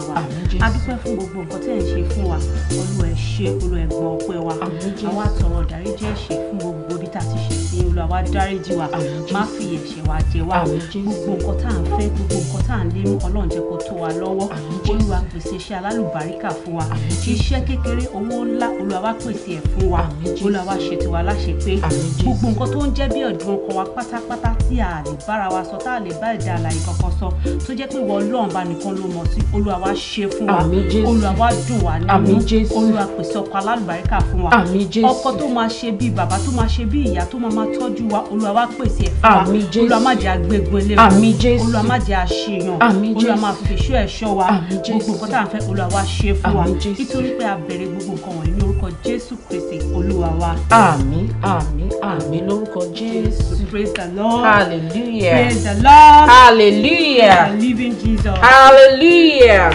ọpẹ́ wa a dúpẹ́ fún gbogbo nǹkan tẹ́ ẹ̀ ń ṣe fún wa olúwa ẹ ṣé olúwa ẹ gbọ́ ọpẹ́ wa àwa tọrọ ìdáríjì ẹ̀ṣẹ̀ dáríjì wa má fi ẹ̀ṣẹ̀ wa jẹ wá gbogbo nǹkan tá à ń fẹ́ gbogbo nǹkan tá à ń lérò ọlọ́run jẹ́ kó tó wa lọ́wọ́ olúwa pèsè iṣẹ́ alálùbáríkà fún wa iṣẹ́ kékeré owó ńlá olúwa wá pèsè ẹ̀ fún wa olúwa wá ṣètò wa láṣẹ pé gbogbo nǹkan tó ń jẹ́ bí ọ̀dùn ọkàn wa pátápátá tí a lè bára wa sọ tá a lè bá ẹ̀dá àlàyé kankan sọ tó jẹ́ pé ìwọ ọlọ́run bá nìkan ló mọ̀ sí olúwa wá ṣe fún wa olúwa wá dùn wá nínú olúwa pèsè ọkọ alálùbáríkà fún wa ọkọ tó máa ṣe bí bàbá tó máa ṣe bí ìyá tó máa máa tọ́jú w wa olúwa wa pèsè ẹ̀ fún wa olúwa má jẹ́ agbégun eléwu olúwa má jẹ́ àṣeyàn olúwa má fi ṣọ́ ẹ̀ṣọ́ wa gbogbo nǹkan tá à ń fẹ́ olúwa wa ṣe fún wa nítorí pé a bẹ̀rẹ̀ gbogbo nǹkan wọ̀nyí ní orúkọ jésù kristi olúwa wa. àmín àmín àmín lórúkọ jésù praise the lord hallelujah praise the lord hallelujah living jesus hallelujah.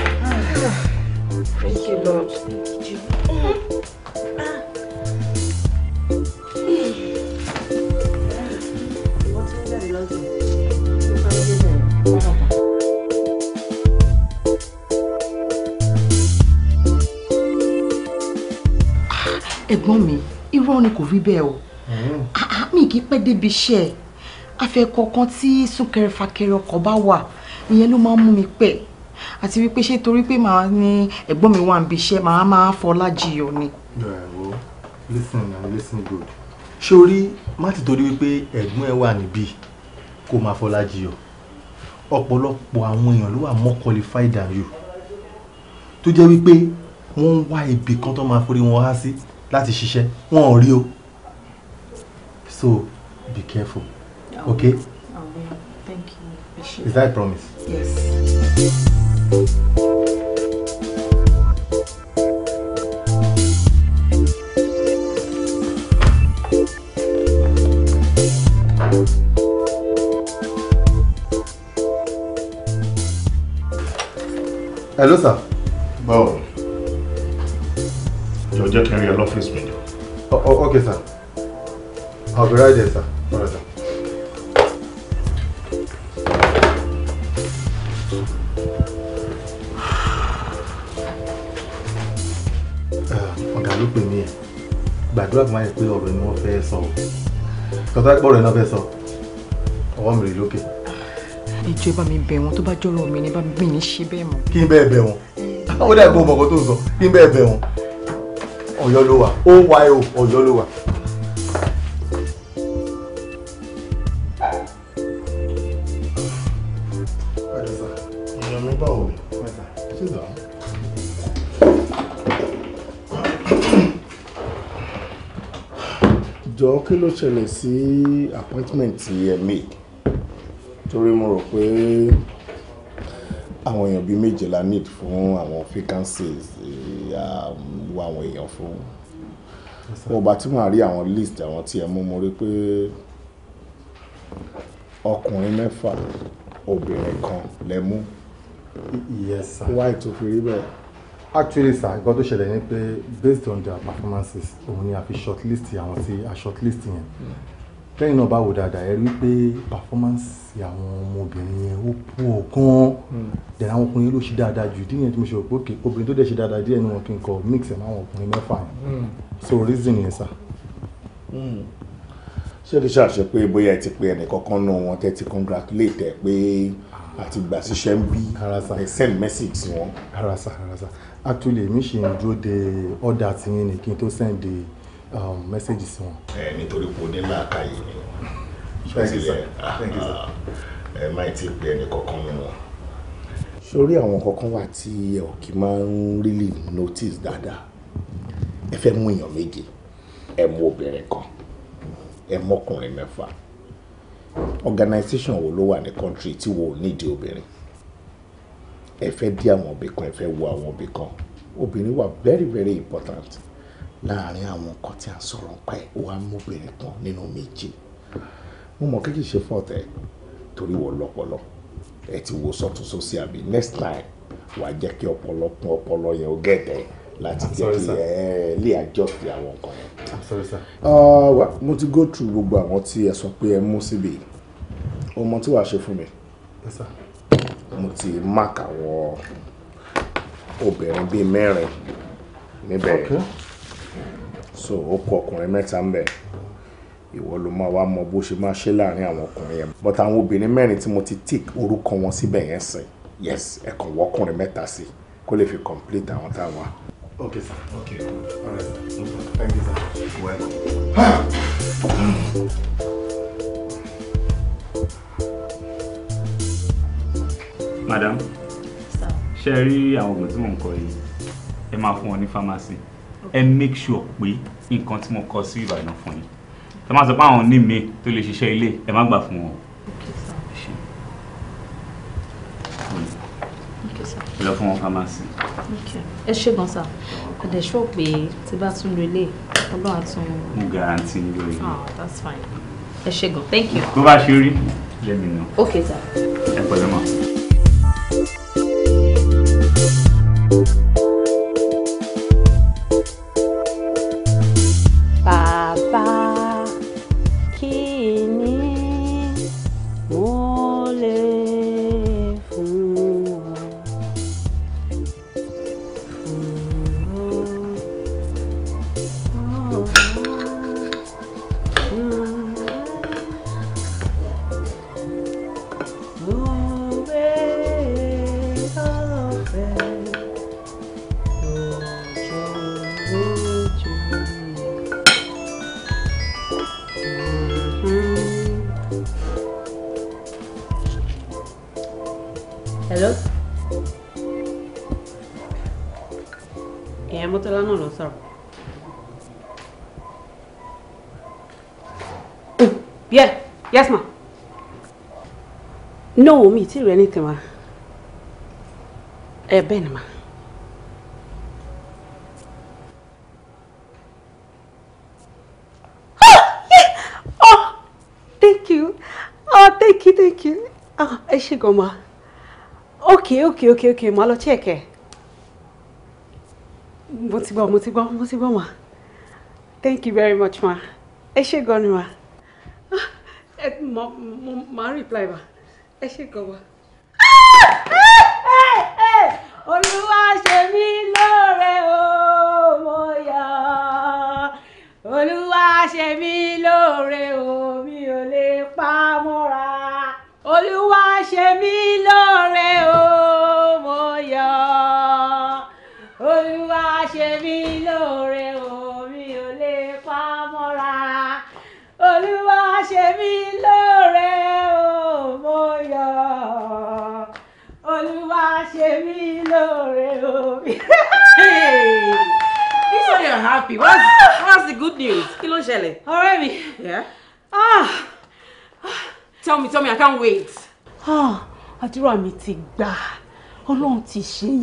ẹ̀gbọ́n mi irọ́ ni kò rí bẹ́ẹ̀ o mm. ah, ah, mi kì í pẹ́ débi iṣẹ́ ẹ̀ afẹ́kọ̀ọ̀kan tí súnkẹrẹ fàkẹrẹ ọkọ̀ bá wà ìyẹn ló máa ń mú mi pẹ́ àti wípé ṣé torí pé màá ní ẹ̀gbọ́n mi wà ń iṣẹ́ màá máa fọlá jiyọ̀ ni. listen and listen good sórí má ti torí wípé ẹ̀gbọ́n ẹ wà níbí kó máa fọlá jiyọ̀ ọ̀pọ̀lọpọ̀ àwọn èèyàn ló wà more qualified than you tó jẹ́ wípé wọ́n ń wá ibì kan tó máa forí wọn há sí láti ṣiṣẹ́ wọn ò rí o so be careful okay. I Thank you. Is that a promise? Yes. Hello, sir. Báwo jẹ́ kí n rí ẹ lọ́fíìsì mi. ok sir I'll be right there sir. All right, sir. ọ̀gá mi bẹ̀ wọ́n tó bá jọ̀rọ̀ mi ni bá mi gbìn ní ṣe bẹ́ẹ̀ mọ́. kí n bẹ́ẹ̀ bẹ̀ wọ́n àwọn eh. dàgbọ́ ọmọ tó ń sọ kí n bẹ́ẹ̀ bẹ̀ wọ́n. Ọ̀yọ́ ló wà oyo Ọ̀yọ́ ló wà. jọ kí ló ṣẹlẹ̀ sí appointment tí ẹ make torí mo rò pé àwọn èèyàn bíi méje la need fún àwọn vacancies eh, um, wá àwọn èèyàn fún wọn tí màá rí àwọn list àwọn tí ẹ mú mo rí pé ọkùnrin mẹ́fà obìnrin kan lẹ yes why to fi rí bẹ́ẹ̀. actually sir nǹkan tó ṣẹlẹ̀ ni pé based on their performances òun ni a fi shortlist àwọn tí a shortlist yẹn lẹ́yìn náà bá wò dáadáa ẹ rí i pé performance àti àwọn ọmọbìnrin yẹn ó pọ̀ gan-an dẹ̀rẹ̀ àwọn ọkùnrin ló ṣe dáadáa jù díẹ̀ yẹn tí mo ṣe rò pé òkè obìnrin tó dẹ̀ ṣe dáadáa díẹ̀ ni wọn kì mix ẹ̀ máwọn ọkùnrin mẹ́fà yẹn hmm. so reason yẹn sà. Hmm. ṣé kí ṣàṣẹ pé bóyá ẹ ti pe ẹnìkankan náà wọn tẹ́ ti congratulate ẹ pé àti gbà síṣẹ́ ń bí ẹ send message sí wọn. rárá sà rárá sà actually èmi ṣì ń dúró de order tiyín ni kí n tó send the um, message sí wọn. ẹ nítorí kò ní láàkàyè ni. Ah, ẹ má ti pè ẹni kankan nínú wọn. sórí àwọn kankan wà tí ẹ ò kí máa ń really notice dáadáa ẹ fẹ́ mú èèyàn méje ẹ mú obìnrin kan ẹ mọ́kùnrin mẹ́fà organisation wo ló wà ní country tí wo nídìí obìnrin ẹ fẹ́ dí àwọn òbí kan ẹ fẹ́ wo àwọn òbí kan obìnrin wà very very important láàárín àwọn nǹkan tí a ń sọ̀rọ̀ nípa ẹ̀ wàá mú obìnrin kan nínú méje mo mọ̀ kí kì í ṣe fún ọ̀tẹ̀ torí wọ́n lọ́pọlọ ẹ ti wo sọ́tún sósì àbí next time wàá jẹ́ kí ọpọlọ kún ọpọlọ yẹn ó gẹ̀dẹ̀ láti jẹ́ kí ẹ lè àjọsí àwọn nǹkan yẹn. mo ti go through gbogbo àwọn tí ẹ sọ pé ẹ mú síbi ọmọ tí wàá ṣe fún mi mo ti mark àwọn obìnrin bíi mẹ́rin níbẹ̀ so ó kọ ọkùnrin mẹ́ta ń bẹ̀rẹ̀ ìwọ ló máa wá mọ bó ṣe máa ṣe láàrin àwọn ọkùnrin yẹn but àwọn obìnrin mẹ́rin tí mo ti tick orúkọ wọn síbẹ̀ yẹn sìn yes ẹ̀kan wọ́kùnrin mẹ́ta sí kó lè fi complete àwọn táwa. Okay, sir. Okay. All right. Thank you, sir. Well. Madam. Sir. Ṣé ẹ rí àwọn oògùn tí mò ń kọ yìí? Ẹ máa fún wọn ní pharmacy. Ẹ make sure pé nǹkan tí mo kọ sí Ìbàdàn fún yín ẹ má sọ pé àwọn ní mi tó lè ṣiṣẹ́ ilé ẹ má gbà fún wọn. ẹ lọ fún wọn pharmacy. ẹ ṣe gan sa kò dẹ̀ ṣọ́ pé tí bá tún lu ilé ọlọ́run á tún. mo guarantee ní lórí. ah that's fine ẹ ṣe gan thank you. tó bá ṣe rí let me know. okay sir. ẹ pẹ̀lú mọ́. no mi ti rẹ ní tìmọ̀ ẹ bẹ́ẹ̀ ni ah! Oh, thank you oh thank you thank you ah ẹ ṣe go, ma okay okay okay okay ma lọ check ẹ mo ti gbọ́ mo ti gbọ́ ma thank you very much ma ẹ ṣe go ni ma ah, ẹ mọ mọ ma reply ma ẹ ṣe kàn wá. olúwa ṣe mí lóore o mo yọ̀ olúwa ṣe mí lóore o mi ò lè pa mọ́ra olúwa ṣe mí lóore o. Hey, this one you're happy what's, what's the good news Kilo Shelley. ṣẹlẹ̀. Yeah? Ah. tell me tell me I can't wait. Ah, àdúrà mi ti gbà How long ṣe she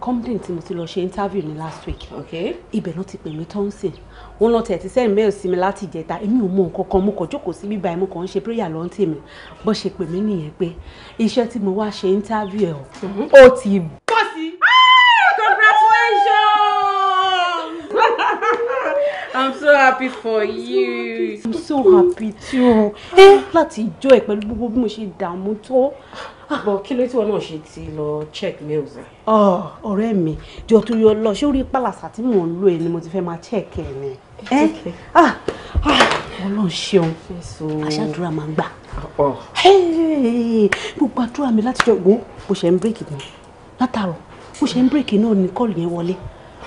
company tí mo ti lọ ṣe interview ní last week Okay. I be pè mí tó ń sìn wọn lọ tẹ̀tí sẹ́yìn mẹ́rin sí mi láti ìjẹta èmi ò mọ nǹkan kan mo kàn jókòó sí bíbá mo kàn ń ṣe prayer lọ́n tèmi bó ṣe pè mí nìyẹn pé iṣẹ́ tí mo wá ṣe interview ẹ̀ mm-hmm. ó ti bọ́ sí. Ah, I'm so happy for you. I'm so happy too. Ah. Eh, láti ìjọ ẹ̀ pẹ̀lú gbogbo bí mo ṣe dààmú tó bọ kí ló tí wọn náà ṣe ti lọ check mails ẹ. ọ oh, ọ̀rẹ́ mi jọ torí ọlọ ṣé orí pàlàsà tí mò ń lò ẹ ni mo ti fẹ́ máa check ẹ ni. ẹ eh? ah, ah, Ọlọ́run ṣeun aṣáàdúrà máa ń gbà. Oh. gbogbo àdúrà mi láti jọ gbó bó ṣe ń bírèkì mi látàrọ bó ṣe ń bírèkì náà ni kọ́ọ̀lù yẹn wọlé.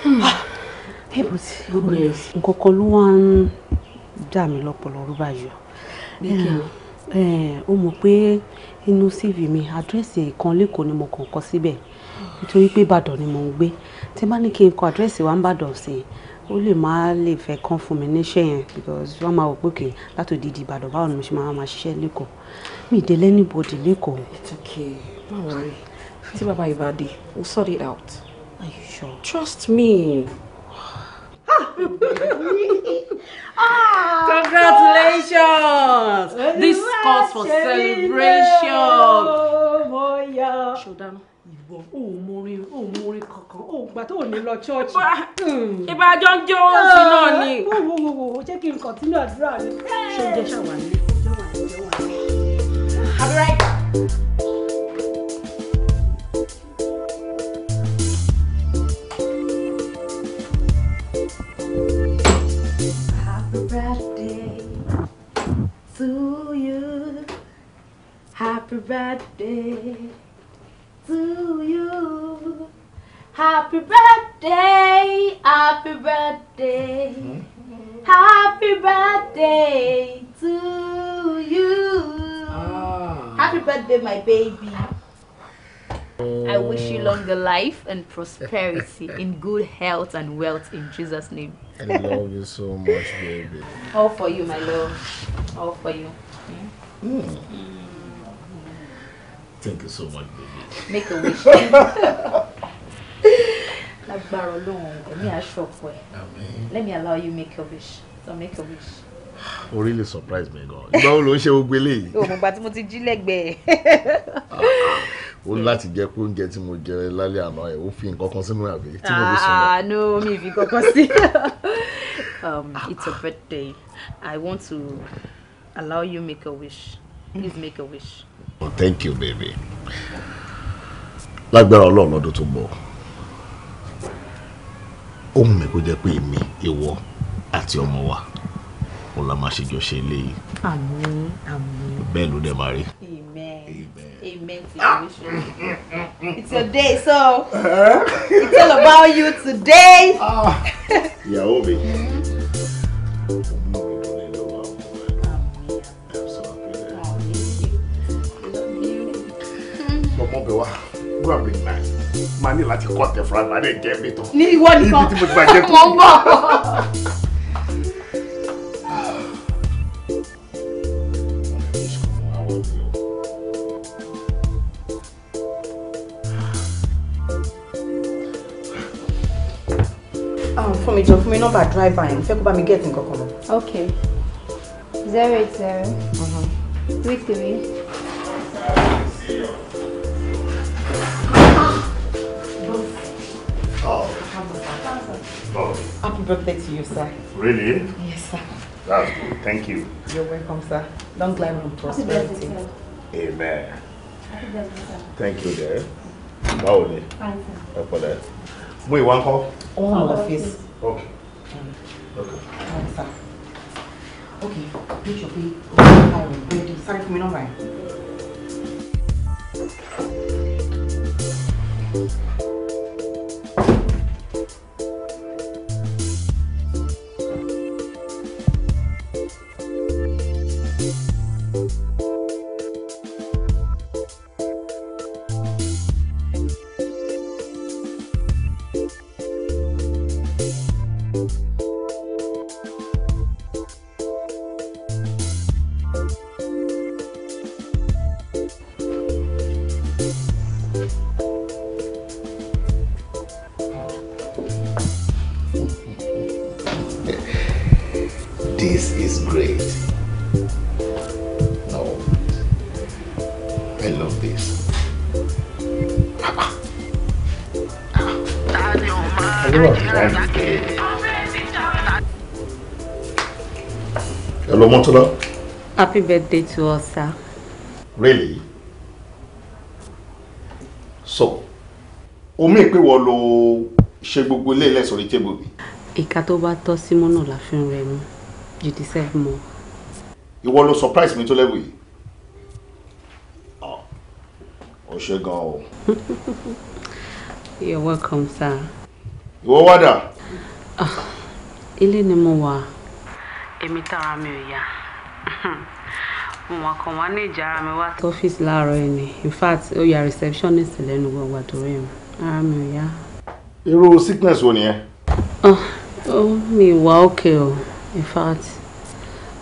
Hmm. Ah, nǹkan kan ló wá ń dà mí lọ́pọ̀lọpọ̀ báyìí eh, o. ó mọ̀ pé inú cv mi àdírẹ́sì ìkan lẹ́kọ̀ọ́ ni mo kàn kọ síbẹ̀ nítorí pé ìbàdàn ni mò ń gbé tí bá ní kí n kọ àdírẹ́sì wa ń bàdàn sí i ó lè má lè fẹ́ kán fún mi níṣẹ́ yẹn because wọ́n máa wò pé kì í láti òdìdí ìbàdàn báwo ni mo ṣe máa máa ṣiṣẹ́ lẹ́kọ̀ọ́ mi ì dé lẹ́nìbodè lẹ́kọ̀ọ́. it's okay no worry tí bàbá ìbá dé we'll sort it out. are you sure. trust me. Ah, Congratulations! This calls for celebration. Showdown! Oh, ò Oh, ò mórí kankan ò gbà tó ní lọ ṣọ́ọ̀ṣì. Hmm. Ìbàjọ́ ń jó oṣù náà ni. Wò wò wò wò jẹ́ kí n kọ̀tínú àdúrà ni. Ṣé oúnjẹ ṣàwárí? Oúnjẹ wà ní oúnjẹ wà ní. Àdúrà ìgbà. to you. Happy birthday to you. Happy birthday, happy birthday. Hmm? Happy birthday to you. Ah. Happy birthday, my baby. I wish you longer life and prosperity in good health and wealth in Jesus' name. I love you so much, baby. All for you, my love. All for you. Mm. Thank you so much, baby. Make a wish. Let me allow you make a wish. So make a wish. o really surprise me gan ìgbà wo ló ń ṣe gbogbo eléyìí. o mọ̀gbà tí mo ti jí lẹ́gbẹ̀ẹ́. ó láti jẹ́ pé oúnjẹ tí mo jẹ lálẹ́ àná ẹ̀ ó fi nǹkan kan sínú àbí tí mo fi sùn lọ. ah no mi ì fi kankan sí. um it's a birthday i want to allow you make a wish please make a wish. oh thank you baby lágbára ọlọ́run lọ́dún tó bọ̀ ó mú mi kó jẹ́ pé èmi ìwọ àti ọmọ wa òun la máa ṣe jọ ṣe eléyìí. àmín àmín. bẹ́ẹ̀ ló dẹ̀ máa rí. amen amen to your it's your day so it's all about you today. Yeah, mi. ọmọ bẹ wa go and bring knife máa ní láti kọ́ tẹ̀ fúnra máa ní jẹ́ mi tán. ní ìwọ nìkan mo ń bọ̀. nọ́mbà driver yẹn mo fẹ́ kó bá mi get nǹkan kan lọ. ok zero eight zero uh-huh. three three. Happy birthday to you, sir. Really? Yes, sir. That's good. Thank you. You're welcome, sir. Long life and prosperity. Amen. Thank you, there. Báwo ni? Fine, sir. Ẹ pẹ̀lẹ́. Mú ìwà ń kọ́. Ó wà ní Okay. Okay. ọ̀hún Okay. ok make sure pé o ní àìrò búrẹ́dì sáré fún mi nọ́mbà Omotola. Happy birthday to us, sir. Really? So, omi ìpè wọ lo ṣe gbogbo ilé ilẹ̀ sórí tébù mi. Ìka to bá tọ́ sí la fi ń rẹ You deserve more. Ìwọ ló surprise mi tó lẹ́wọ̀ yìí. Ah, ó ṣe gan o. You're welcome, sir. Ìwọ wá Ah, Ilé ni mo wà èmi tára mi ò yá wọn kàn wá ní ìjà ara mi wá. ọ́fíìsì láàárọ̀ yìí ni in fact ó yà receptionist lẹ́nu gbọ̀ngbà tó rí mi ara mi ò yá. irú sickness wo nìyẹn. Ah, ó mi wà òkè o in fact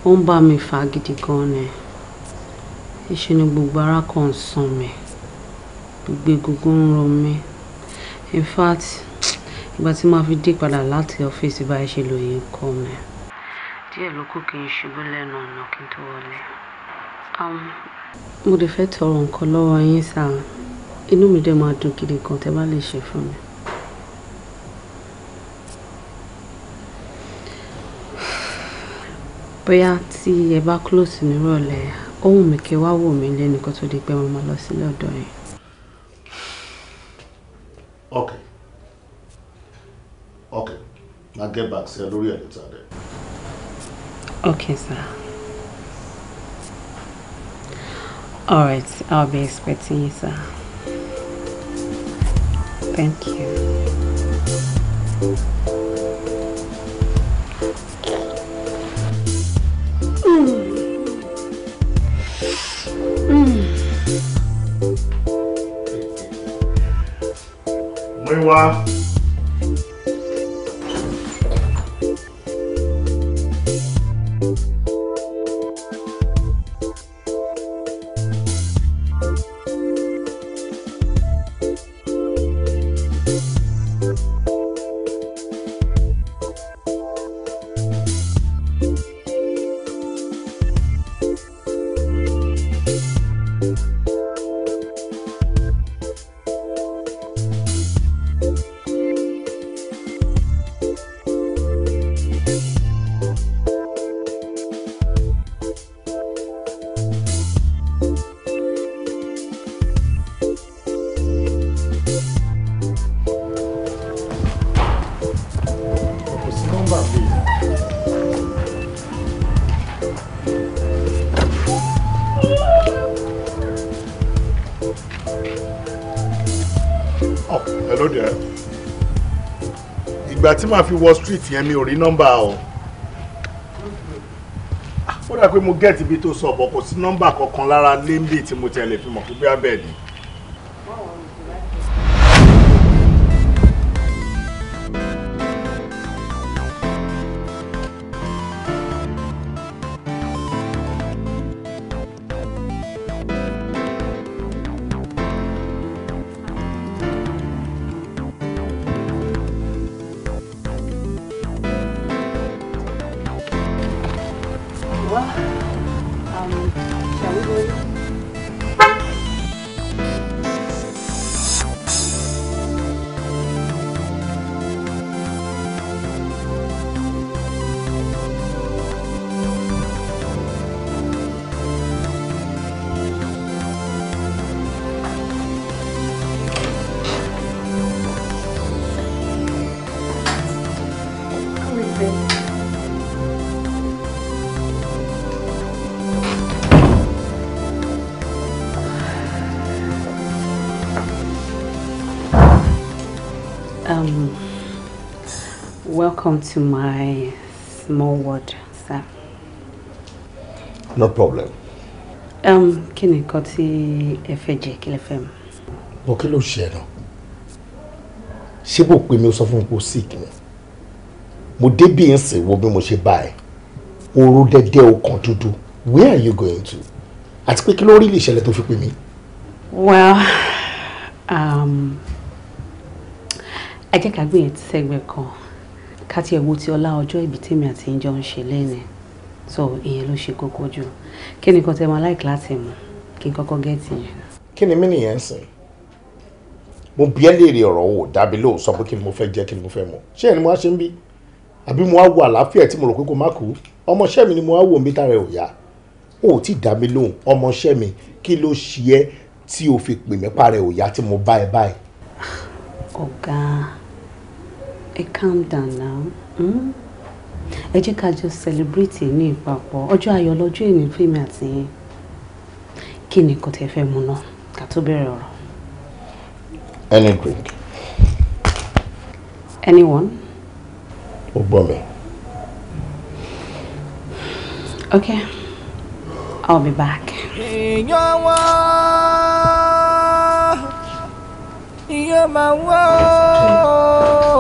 ó ń bá mi fà gidi gan ni iṣẹ́ ni gbogbo ara kan sàn mi gbogbo egungun ń ro mi in fact ìgbà tí màá fi dé padà láti ọ́fíìsì báyìí ṣe lòye ń kọ́ mi díẹ̀ ló kù kí n ṣubú lẹ́nu ọ̀nà kí n tó wọlé. Um, mo lè fẹ́ tọrọ nǹkan lọ́wọ́ yín sá inú mi dẹ̀ máa dùn gidi kan tẹ́ bá lè ṣe fún mi. bóyá tí ẹ bá close nírọ̀lẹ́ ohun mi kí wá wò mí lẹ́nu kó tó di pé mo máa lọ sílé ọ̀dọ̀ yẹn. okay okay na get back sẹ lórí ẹ̀ níta dẹ̀. Okay, sir. All right, I'll be expecting you, sir. Thank you. Mm. Mm. Muy guapo. ìgbà tí màá fi wọ street yẹn mi ò rí nọ́mbà o ó dà pé mo gẹ̀ẹ́tì ibi tó sọ ọ̀bọ̀ kò sí nọ́mbà kankan lára lẹ́ńbì tí mo tẹ̀lé fi mọ̀ pé bí abẹ́ẹ̀ ni. Come to my small world, sir. No problem. Um, kí ni nǹkan tí ẹ fẹ́ jẹ kí lẹ fẹ́ mu? Bọ́ kí ló ṣe ẹ̀nà? Ṣé bò pé mi ó sọ fún mi pé ó sick ni? Mo débí ń sìn wo Where are you going to? At quick, kí ló rí lè ṣẹlẹ̀ tó fi pè mí? Well, um, ẹ jẹ́ ká gbìyànjú sẹ́gbẹ̀ẹ́ kan káti ẹ̀wò ti ọlá ọjọ́ ìbí tèmi àti ìjọ ń ṣe lẹ́nu so ìyẹn ló ṣe kókó jù kí ni nǹkan tẹ máa láìkí láti mọ̀ kí n kọ́kọ́ gẹ́ẹ̀tì yẹn. kí ni mí nìyẹn ń sìn mo bí ẹ léèrè ọ̀rọ̀ wò dábí lóò sọ pé kí ni mo fẹ́ jẹ́ kí ni mo fẹ́ mọ̀ ṣé ẹni mo wá ṣe ń bí àbí mo wá wo àlàáfíà tí mo rò pé kò má kú ọmọọṣẹ́ mi ni mo wá wò ń bí tára ẹ̀ ò yá o ò tí ì lóhùn ọmọọṣẹ́ mi kí ló ṣe ẹ́ tí o fi pè mí para ẹ̀ ò yá tí mo bá ẹ báyìí. ọ̀gá. Oh, ẹ calm down now Hmm. ẹ jẹ́ ká jọ celebrate ní ìpapọ̀ ọjọ́ ayọ̀ lọ́jọ́ èmi fèmí àti yín kí ni kò tẹ́ fẹ́ mu náà ká tó bẹ̀rẹ̀ ọ̀rọ̀. any drink. anyone. ó gbọ́ mi. okay i'll be back. èèyàn wá iye máa wá ooo.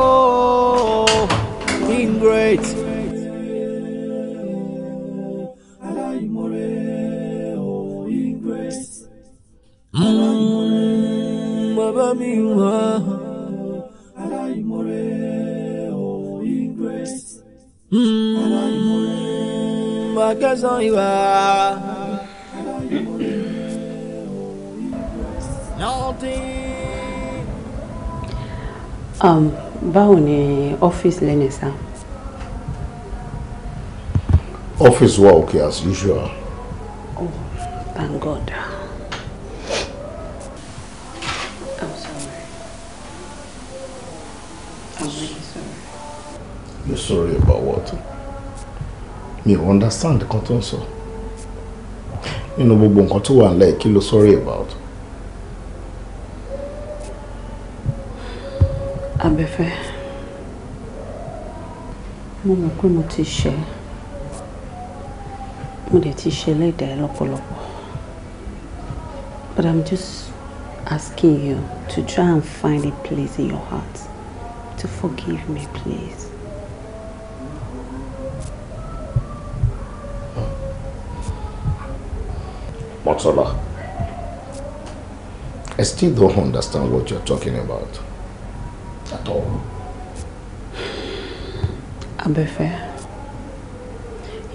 minwa Alaimore, oh, in grace Alaimore, makesan iwa Nothing Um, báwo ni ọ́fíìsì lẹ́nu sá? Ọ́fíìsì wa òkè as usual. Oh, thank God. you sorry about what mi understand kan tó ń sọ nínú gbogbo nǹkan tó wà nílẹ̀ kí ló sorry about. abẹ́fẹ́ mo mọ̀ pé mo ti ṣe mo dẹ̀ ti ṣe but I'm just asking you to try and find a place in your heart to forgive me please. Motola. I still don't understand what you're talking about. At all. Abefe,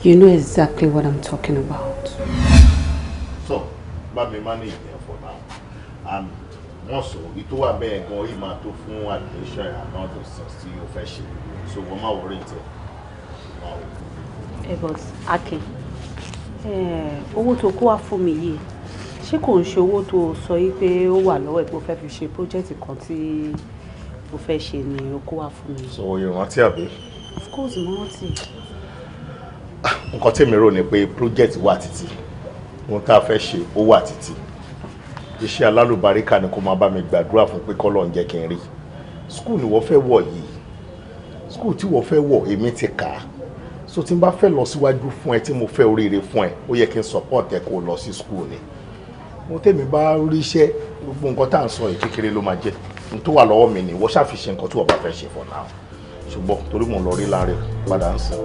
you know exactly what I'm talking about. So, let me manage there for now. And also it will be a go in my two phone administration and all those things your fashion. So, we're not worried. It was okay. Eh, owó tó kó wá fún mi yìí ṣé kò ń ṣe owó tó sọ yìí pé ó wà lọ́wọ́ ẹ̀ pé ó fẹ́ fi ṣe project kan tí mo fẹ́ ṣe ni ó kó wá fún mi. sọ yóò rántí àbí. of course mo rántí. nǹkan tèmi rò ni pé project wà títí ohun tá a fẹ́ ṣe ó wà títí iṣẹ́ alálùbáríkà ni kó máa bá mi gbàdúrà fún pé kọ́ ló ń jẹ́ kí n rí skul ni wọ́n fẹ́ wọ̀ yìí skul tí wọ́n fẹ́ wọ̀ èmi ti kà á so tí n bá fẹ́ lọ síwájú fún ẹ tí mo fẹ́ oríire fún ẹ ó yẹ kí n support ẹ kó lọ sí school ni mo tèmi bá rí iṣẹ́ gbogbo nǹkan tá à ń sọ yìí kékeré ló máa jẹ́ n tó wà lọ́wọ́ mi ni wọ́n ṣàfihàn nǹkan tí wọ́n bá fẹ́ ṣe for now ṣùgbọ́n torí mo lọ rí láre padà ń sìn.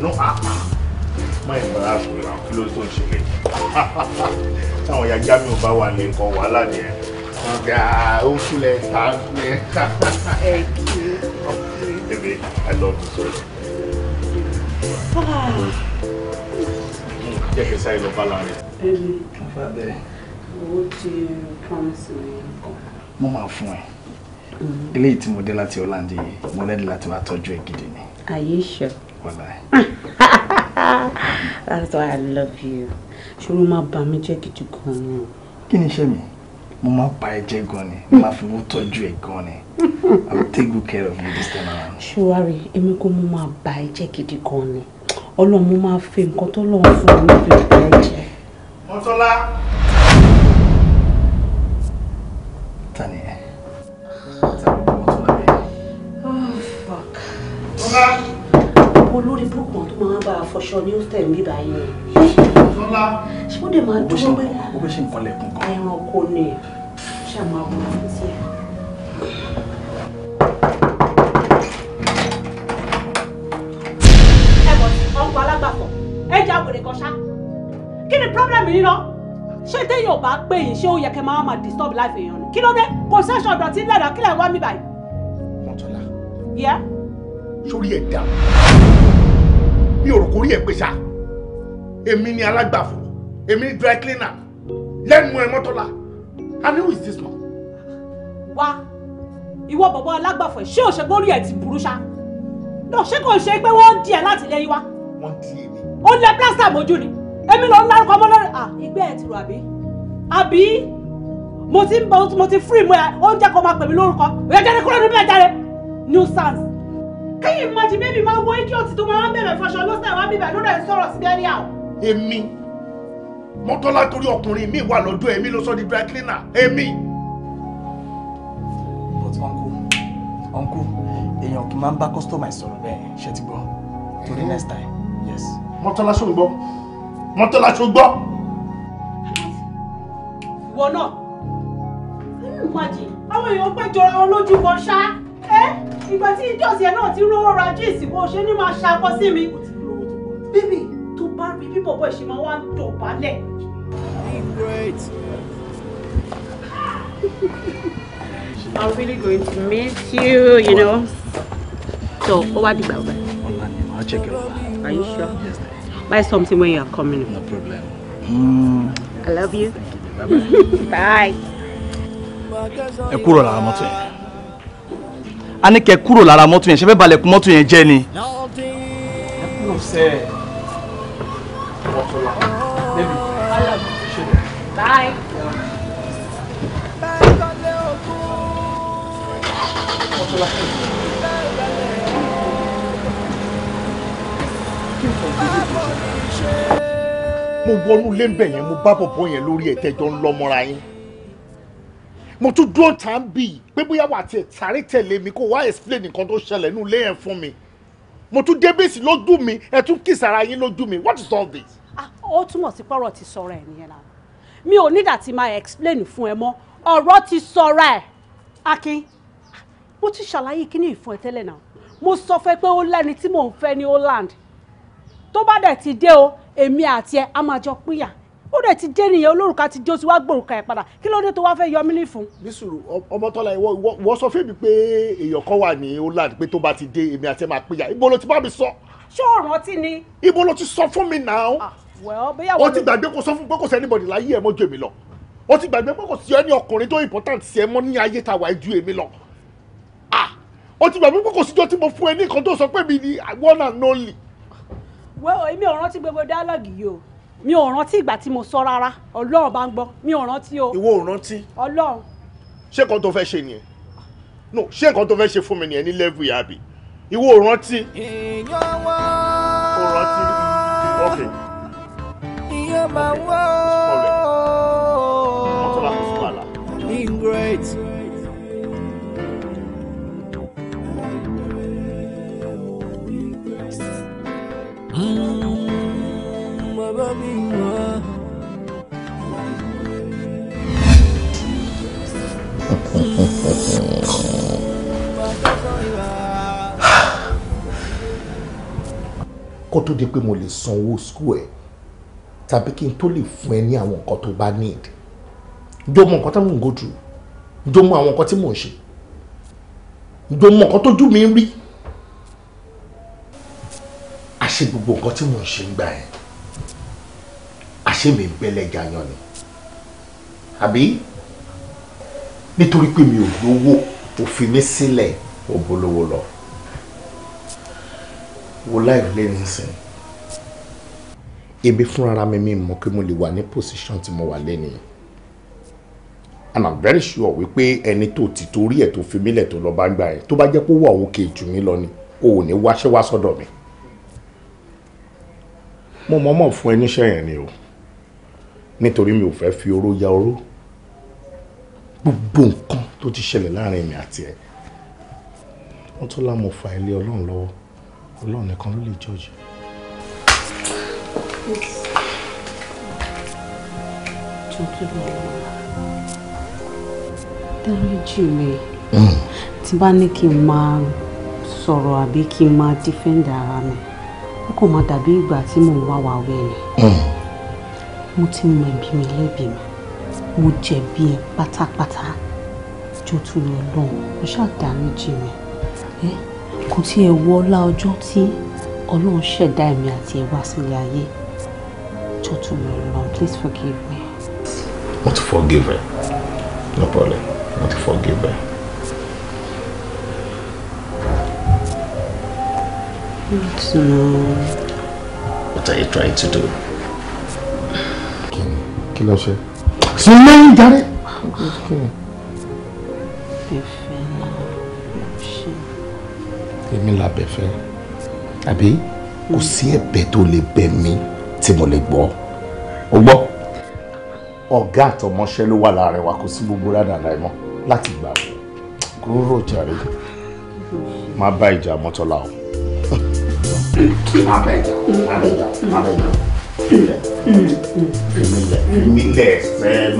no ah, ah. má ìfara àṣùwìrà kí ló tó ń ṣe lè táwọn ya já mi ò bá wà ní nǹkan wàhálà nìyẹn ọ̀gá ah, ó kulẹ̀ tá a kulẹ̀ baby, I love you so much. Jẹ́ kí sáyé lọ bá láàrin. Bébí, fàbẹ̀. Owó tí promise me? Mama, I'm fine. fún ẹ. Mm-hmm. Eléyìí tí mo dé láti Holland mo lẹ́ni láti wá tọ́jú ẹ gidi ni. Are you sure? Wọ́lá That's why I love you. Ṣòro máa bà mí jẹ́ gidi gan-an. Kí ni iṣẹ́ mi? Mo máa pa ẹ jẹ́ gan ni, mo mm. fi owó tọ́jú ẹ gan ni. I'll take good care of you this time around. Ṣùwárì, èmi kò mú máa bà ẹ́ jẹ́ gidi gan ni. Ọlọ́run mo máa fẹ́ nǹkan tó lọ́run fún mi níbi ìgbà ẹ̀jẹ̀. Mọ́tọ́lá. Ta ni ẹ? Ta ló mú Mọ́tọ́lá bẹ́ẹ̀? Oh fuck. Mọ́tọ́lá. Olórí búkàn tó máa ń bá afọṣọ ní hostel mi báyìí. Mọ́tọ́lá. Ṣé ó dẹ̀ máa dúró pé? Ó bẹ́ ṣe ń kọ́lẹ̀kùn gan. Ẹranko ni. Ṣé àwọn àbúrò fún tiẹ̀? ọkọ̀ alágbàfọ̀ ẹja wèrè kan ṣá kí ni problem yìí lọ ṣé téèyàn ò bá pè yín ṣé ó yẹ kẹ́ máa máa disturb life èèyàn ni kí ló dé kò sẹ́sọ̀ ọ̀dọ̀tí lẹ́dàá kílẹ̀ wá mi báyìí. mọ́tọ́lá sórí ẹ̀ dà mi ò rò kórí ẹ̀ pé ṣá èmi ni alágbàfọ̀ èmi ni dry cleaner lẹ́nu ẹ̀ mọ́tọ́lá and who is this man. wá ìwọ bọ̀bọ̀ alágbàfọ̀ ṣé òṣègbórí ẹ̀ ti burú ṣá náà ṣé kò ṣe pé wọ́n ń di ẹ̀ láti lẹ́yìn wá wọ́n ti èmi. ó lẹ pásítà mójú ni èmi ló ń lárúkọ mọ́ lọ́rẹ̀ à ìgbẹ́ ẹ̀ ti rò àbí àbí mo ti ń bọ mo ti fún ìmú ẹ oúnjẹ kan máa pè mí lórúkọ ìyá jáde kúrò níbẹ̀ jáde nuisance. kẹ́yìn ìmọ̀jì bébì máa wọ igi ọ̀tí tó máa ń bẹ̀rẹ̀ fọṣọ lọ́sẹ̀ wá bíbẹ̀ lórí ẹ̀ sọ̀rọ̀ sí bẹ́ẹ̀ ní àwọ̀. èmi mọ́tọ́lá torí ọkùnrin mi wà lọ́dọ̀ èmi ló sọ di dry cleaner èmi. but uncle uncle èèyàn kì í máa ń bá customer sọ̀rọ̀ bẹ́ẹ̀ ṣe ti gbọ́ torí next time yes mọ́tọ́lá ṣó ń gbọ́ mọ́tọ́lá ṣó gbọ́. ìwọ náà ìwádìí àwọn èèyàn pẹ́ jọra wọn lójú kan ṣá ẹ́ ìgbà tí ìjọsìn ẹ̀ náà ti rówó ra jíìsì bó ṣe ní máa ṣakọ sí mi bíbí tó bá rí bí bọ̀bọ̀ ìṣe máa wá ń dọ̀bálẹ̀. I'm really going to miss you, you know. So, ó wá dìgbà ọ̀gbà. Ọ̀la ni màá Are you sure? Yes, ma'am. Buy something when you are coming. No problem. Mm. I love you. Bye-bye. Bye. Ẹ kúrò lára mọ́tò yẹn. A ní kẹ́ kúrò lára mọ́tò yẹn. Ṣé fẹ́ balẹ̀kùn mọ́tò yẹn jẹ́ ni? Ẹ kúrò sẹ́ẹ̀. Bye. Bye. mo wọnú ilé ńbẹ yẹn mo bá bọ̀bọ̀ yẹn lórí ẹ̀tẹ́jọ́ ń lọ mọ́ra yín mo tún dúró tà ń bì pé bóyá wà á tiẹ̀ sáré tẹ̀lé mi kó wá explain nǹkan tó ṣẹlẹ̀ nínú ilé yẹn fún mi mo tún débèsì lójú mi ẹ tún kiss ara yín lójú mi what is all this. Ah, ó túmọ̀ sí pọ̀rọ̀ ti sọ̀rọ̀ ẹ̀ nìyẹn náà mi ò nídà tí máa explain fún ẹ mọ́ ọ̀rọ̀ ti sọ̀rọ̀ ẹ̀ akin mo ti ṣàlàyé kíní ìfún ẹ tẹ́lẹ̀ náà mo sọ fẹ́ pé ó lẹ́ni tí mò ń fẹ́ ní holland tó bá dẹ̀ ti dé o èmi àti ẹ a máa jọ pínyà ó dẹ̀ ti dé nìyẹn olórùka ti dé o ti wá gbòrùka ẹ̀ padà kí ló dé tó wá fẹ́ yọ mí lì fún. bísùrù ọmọtọ́lá ìwọ sọ fún mi pé èèyàn kan wà ní holland pé tó bá ti dé èmi àti ẹ máa pínyà ibo ló ti bá mi sọ. ṣé ò rántí ni. ibo ló ti sọ fún mi náà. Ah, ó ti gbàgbé kó sọ fún pé kò sẹ́ni bọ̀dì láyé ẹ̀ mọ́jú èmi lọ ó ti gbàgbé pé kò sí ẹni ọkùnrin tó important sí ẹ mọ́ ní ayé ta wà ju èmi lọ ó ah, ti gbàgbé pé kò síjọ́ tí mo fún ẹ ní nǹkan tó sọ pé mi ni one and only wẹ́ẹ̀ èmi ò rántí gbogbo dialogue yìí o mi ò rántí ìgbà tí mo sọ rárá ọlọ́run bá ń gbọ́ mi ò rántí o. ìwọ ò rántí. ọlọ́run. ṣé nǹkan tó fẹ́ ṣe nìyẹn no ṣé nǹkan tó fẹ́ ṣe fún mi nìyẹn ní level yìí àbí ìwọ ò rántí. èèyàn wá. ò rántí ok. ìyẹn máa wá. ingrate. kó tó di pé mo lè san owó school ẹ̀ tàbí kí n tó lè fún ẹ ní àwọn nǹkan tó bá need jọ mọ nǹkan tí mò ń go through jọ mọ àwọn nǹkan tí mò ń ṣe jọ mọ nǹkan tójú mi ń rí àṣe gbogbo nǹkan tí mò ń ṣe ń gbà yẹn àṣe mi ń bẹ́lẹ̀ jàyàn ni àbí nítorí pé mi ò lówó òfin mi sílẹ̀ òbólówó lọ wo life lẹ́yìn sìn èmi fúnra mi mi mọ̀ pé mo lè wà ní position tí mo wà lẹ́nu and i'm very sure wípé ẹni tó ti torí ẹ̀ to fi mílẹ̀ tó lọ bá ń gbà ẹ̀ tó bá jẹ́ pé ó wà òkè jù mí lọ ni o ò ní wáṣẹ́ wá sọ́dọ̀ mi mo mọ̀ọ́mọ̀ fún ẹ níṣẹ́ yẹn ni o nítorí mi ò fẹ́ fi oró ya oró gbogbo nǹkan tó ti ṣẹlẹ̀ láàrin mi àti ẹ̀ wọ́n tó lá mo fa ilé ọlọ́run lọ́wọ́ ọlọ́run nìkan ló lè jọ́ọ̀jì. tuntun dáríjì mi hmm. tí bá ní kí n máa sọ̀rọ̀ àbí kí n máa dífẹ́ǹdì ara mi ó kò má dàbí ìgbà tí mò ń wá wà wẹ̀ ni hmm. mo ti mọ ẹ̀bi mi lẹ́bi mi mo jẹ̀bi ẹ̀ pátápátá jó tún lọ lọ́hùn ó mi. Eh? kò tí ẹ wọ ọlá ọjọ́ tí ọlọ́run ṣẹ̀dá ẹ̀mí àti ẹ̀wá sílé ayé jọ tó mi lọ please forgive me. mo ti forgive ẹ no problem mo ti forgive ẹ. What are you trying to do? Kí ló ṣe? Sùn lẹ́yìn jáde. mi lábẹ́ fẹ́ àbí kò sí ẹ̀bẹ̀ tó lè bẹ̀ mí tí mo lè gbọ́ o gbọ́ ọ̀gá àtọmọṣẹ́ ló wà láàrin wa kò sí gbogbo rádà láìmọ́ láti gbà kó rò jàre má bá ìjà mọ́tọ́lá o. má bá ìjà má bá ìjà má bá ìjà èmi lẹ̀ èmi lẹ̀ fẹ́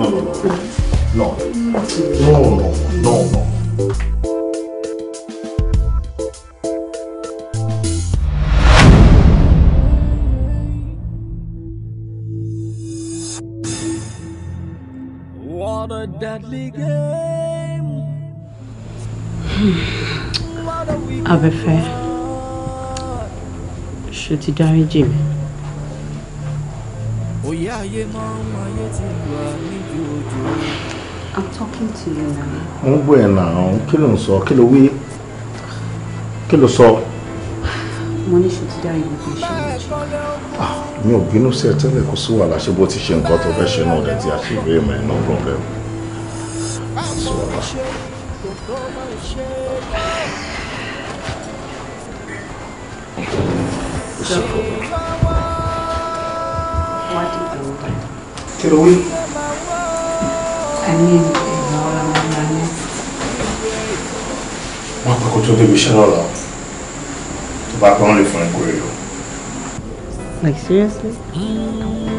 no no Abẹ́fẹ́ ṣe ti dáríjì mi. Òye ayé máa ń wáyé ti wà níjó òjò. I'm talking to you now. Mo ń gbọ́ ẹ̀ náà, kí ló ń sọ, kí ló wí, kí ló sọ? Mo ní ṣe ti dáríjì mi ṣe méjì. Ah, mi ò bínú sí ẹ tẹ́lẹ̀ kó sí wàhálà ṣé bó ti ṣe nǹkan tó fẹ́ ṣe náà rẹ̀ tí a ẹ̀ náà rọ̀ sí wàhálà. kò sí fọ́ọ̀mù. kí ló wí. wọ́n pẹ́ kó tó débi iṣẹ́ lọ́la tó bá pẹ́ wọ́n lè fún ẹ kúrè lọ. Like seriously? Mm.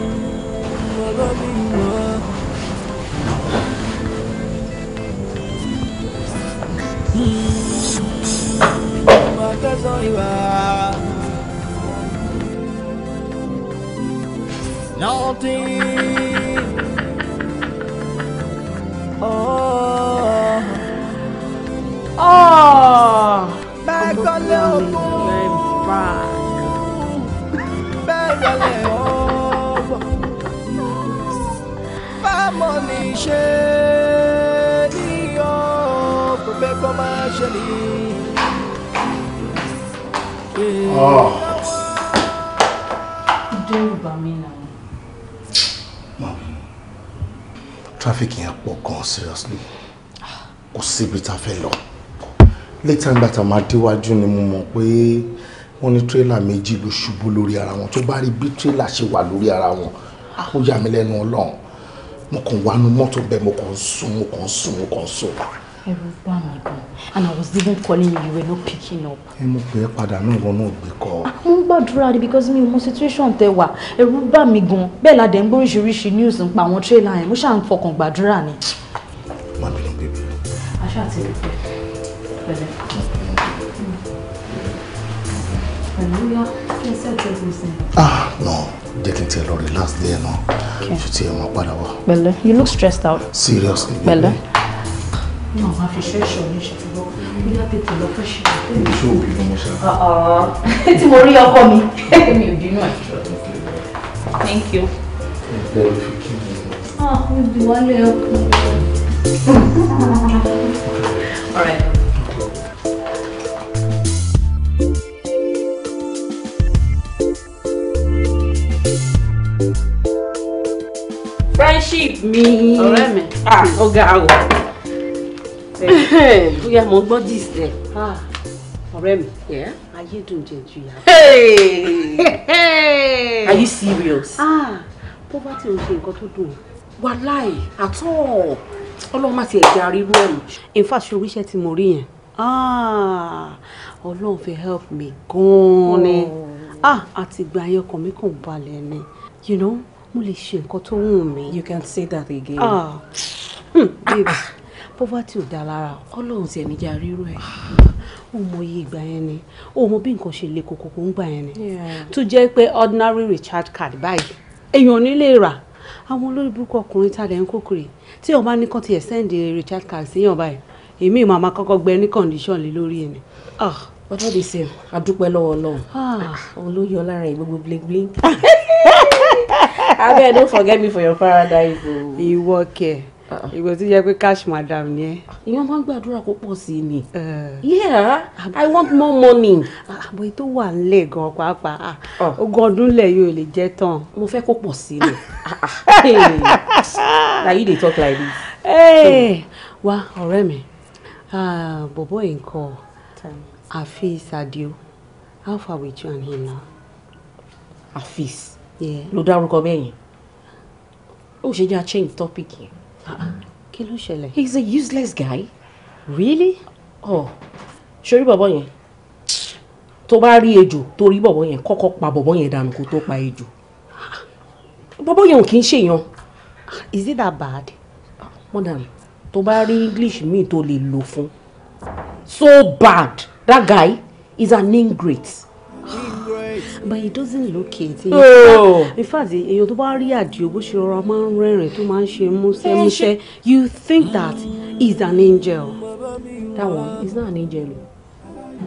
Nothing. Oh. Oh. Back on ló máa ṣẹlẹ̀. dẹ́rù bà mí náà. traffic yẹn pọ̀ seriously kò síbi tá a fẹ́ lọ later nígbà tá a máa déwájú ni mo mọ̀ pé wọ́n ní tírélà méjì ló ṣubú lórí ara wọn tó bá rí bí tírélà ṣe wà lórí ara wọn ó yà mí lẹ́nu ọlọ́run mo kàn wá nu mọ́tò bẹ́ẹ̀ mo kàn ń sùn mo kàn ń sùn mo kàn ń sùn and I was even calling you you were not picking up. ẹ mú pé padà náà wọn náà gbé kọ. mo ń gbàdúrà because me, ò situation tẹ wà ẹ̀rù bà mí gan bẹ́ẹ̀ la dẹ̀ ń gbóríṣiríṣi news nípa àwọn trailer yẹn mo ṣáà ń fọkàn gbàdúrà ni. má bínú bèbè. aṣọ àti ìrìpẹ́ pẹ̀lẹ́. pẹ̀lú yá kí ẹ sẹ́ẹ̀tì ẹ̀ sí. ah no jẹ́ can tell her lọ last díẹ̀ no. Okay. ẹ̀ tell padà wá. pẹ̀lẹ́ you look stressed out. seriously. pẹ̀lẹ́ náà máa fi ṣẹ́ṣọ̀ ní ṣètìgbọ́ mm. bóyá tètè lọ fẹ́ ṣe ìpè. èmi ṣó bínú mo ṣá. Uh-uh. tí mo rí ọkọ mi mi ò bínú ẹ. thank you. ah mi bì wálé ọkọ. all right. friendship mi. ọ̀rẹ́ mi. ah ó ga ẹ bóyá mo ń gbọ́ dis dẹ ah, ọ̀rẹ́ mi ayé dùn jẹ ju ìyá. are you serious. Ah, bó bá ti ń ṣe nǹkan tó dùn wàláì àtọ ọlọ́run má ti ẹ̀jẹ̀ arírú ẹ̀ mọ́. in fact ṣe oríṣẹ́ tí mo rí yẹn ah, ọlọ́run fi help me gan-an ni oh. àti ìgbà yẹn ọkàn mi kàn balẹ̀ ni you know mo lè ṣe nǹkan tó wù mí. you can say that again. Ah. Hmm, babe poverty ò dá lára ọlọ́run tiẹ̀ níjà ríro ẹ̀ ah. ó mọ iye ìgbà yẹn ni ó mọ bí nǹkan ṣe le kòkòkò ń gbà yẹn ni tó jẹ́ pé ordinary recharge card báyìí èèyàn ò ní lè rà àwọn olórí burúkú ọkùnrin tá a lè ń kókiri tí ọba ní kàn tiẹ̀ send recharge card síyàn báyìí èmi ìmọ̀ àmà kọ́kọ́ gbẹ ní condition lé lórí ẹ̀ ni. ọjọ́ di sè àdúpẹ́ lọ́wọ́ ọlọ́run ah. Ah, òun ló yọ lára ẹ̀ gbogbo bling bling abeg don't forget me for your paradise o. Oh. ìwọ kẹ Ah. ìwé tí yẹ pé cash madam ni ẹ. ìyẹn máa ń gbàdúrà kó pọ̀ sí i ni. Eh. yeah i want more money. Ah, àbọ̀ ètò wà nílẹ̀ gan pàápàá ah, oh. ogún ọdún lẹ̀ yóò lè jẹ́ tán. mo fẹ́ kó pọ̀ sí i ni. na you dey talk like this. Hey. So, wa ọ̀rẹ́ mi bọ̀bọ̀ yìí ń kọ́ àfi sadio how far with you and him now. afis ló dárúkọ bẹ́ẹ̀ yẹn ó ṣe jẹ́ a change topic yẹn kí ló ṣẹlẹ̀. he's a useless guy. really. oh ṣorí bọ̀bọ̀ yẹn tó bá rí ejò tó rí bọ̀bọ̀ yẹn kọ́kọ́ pa bọ̀bọ̀ yẹn dànù kó tó pa ejò bọ̀bọ̀ yẹn ò kì í ṣèyàn. is it that bad. madam tó bá rí english míì tó lè lò fún so bad that guy is an ingrate but he doesn't look it. Oh. in fact èèyàn tó bá rí àdìo bó ṣe rọra máa ń rẹ́rìn tó máa ń ṣe múṣẹ́múṣẹ́ eh, you think that he's an angel that one he's not an angel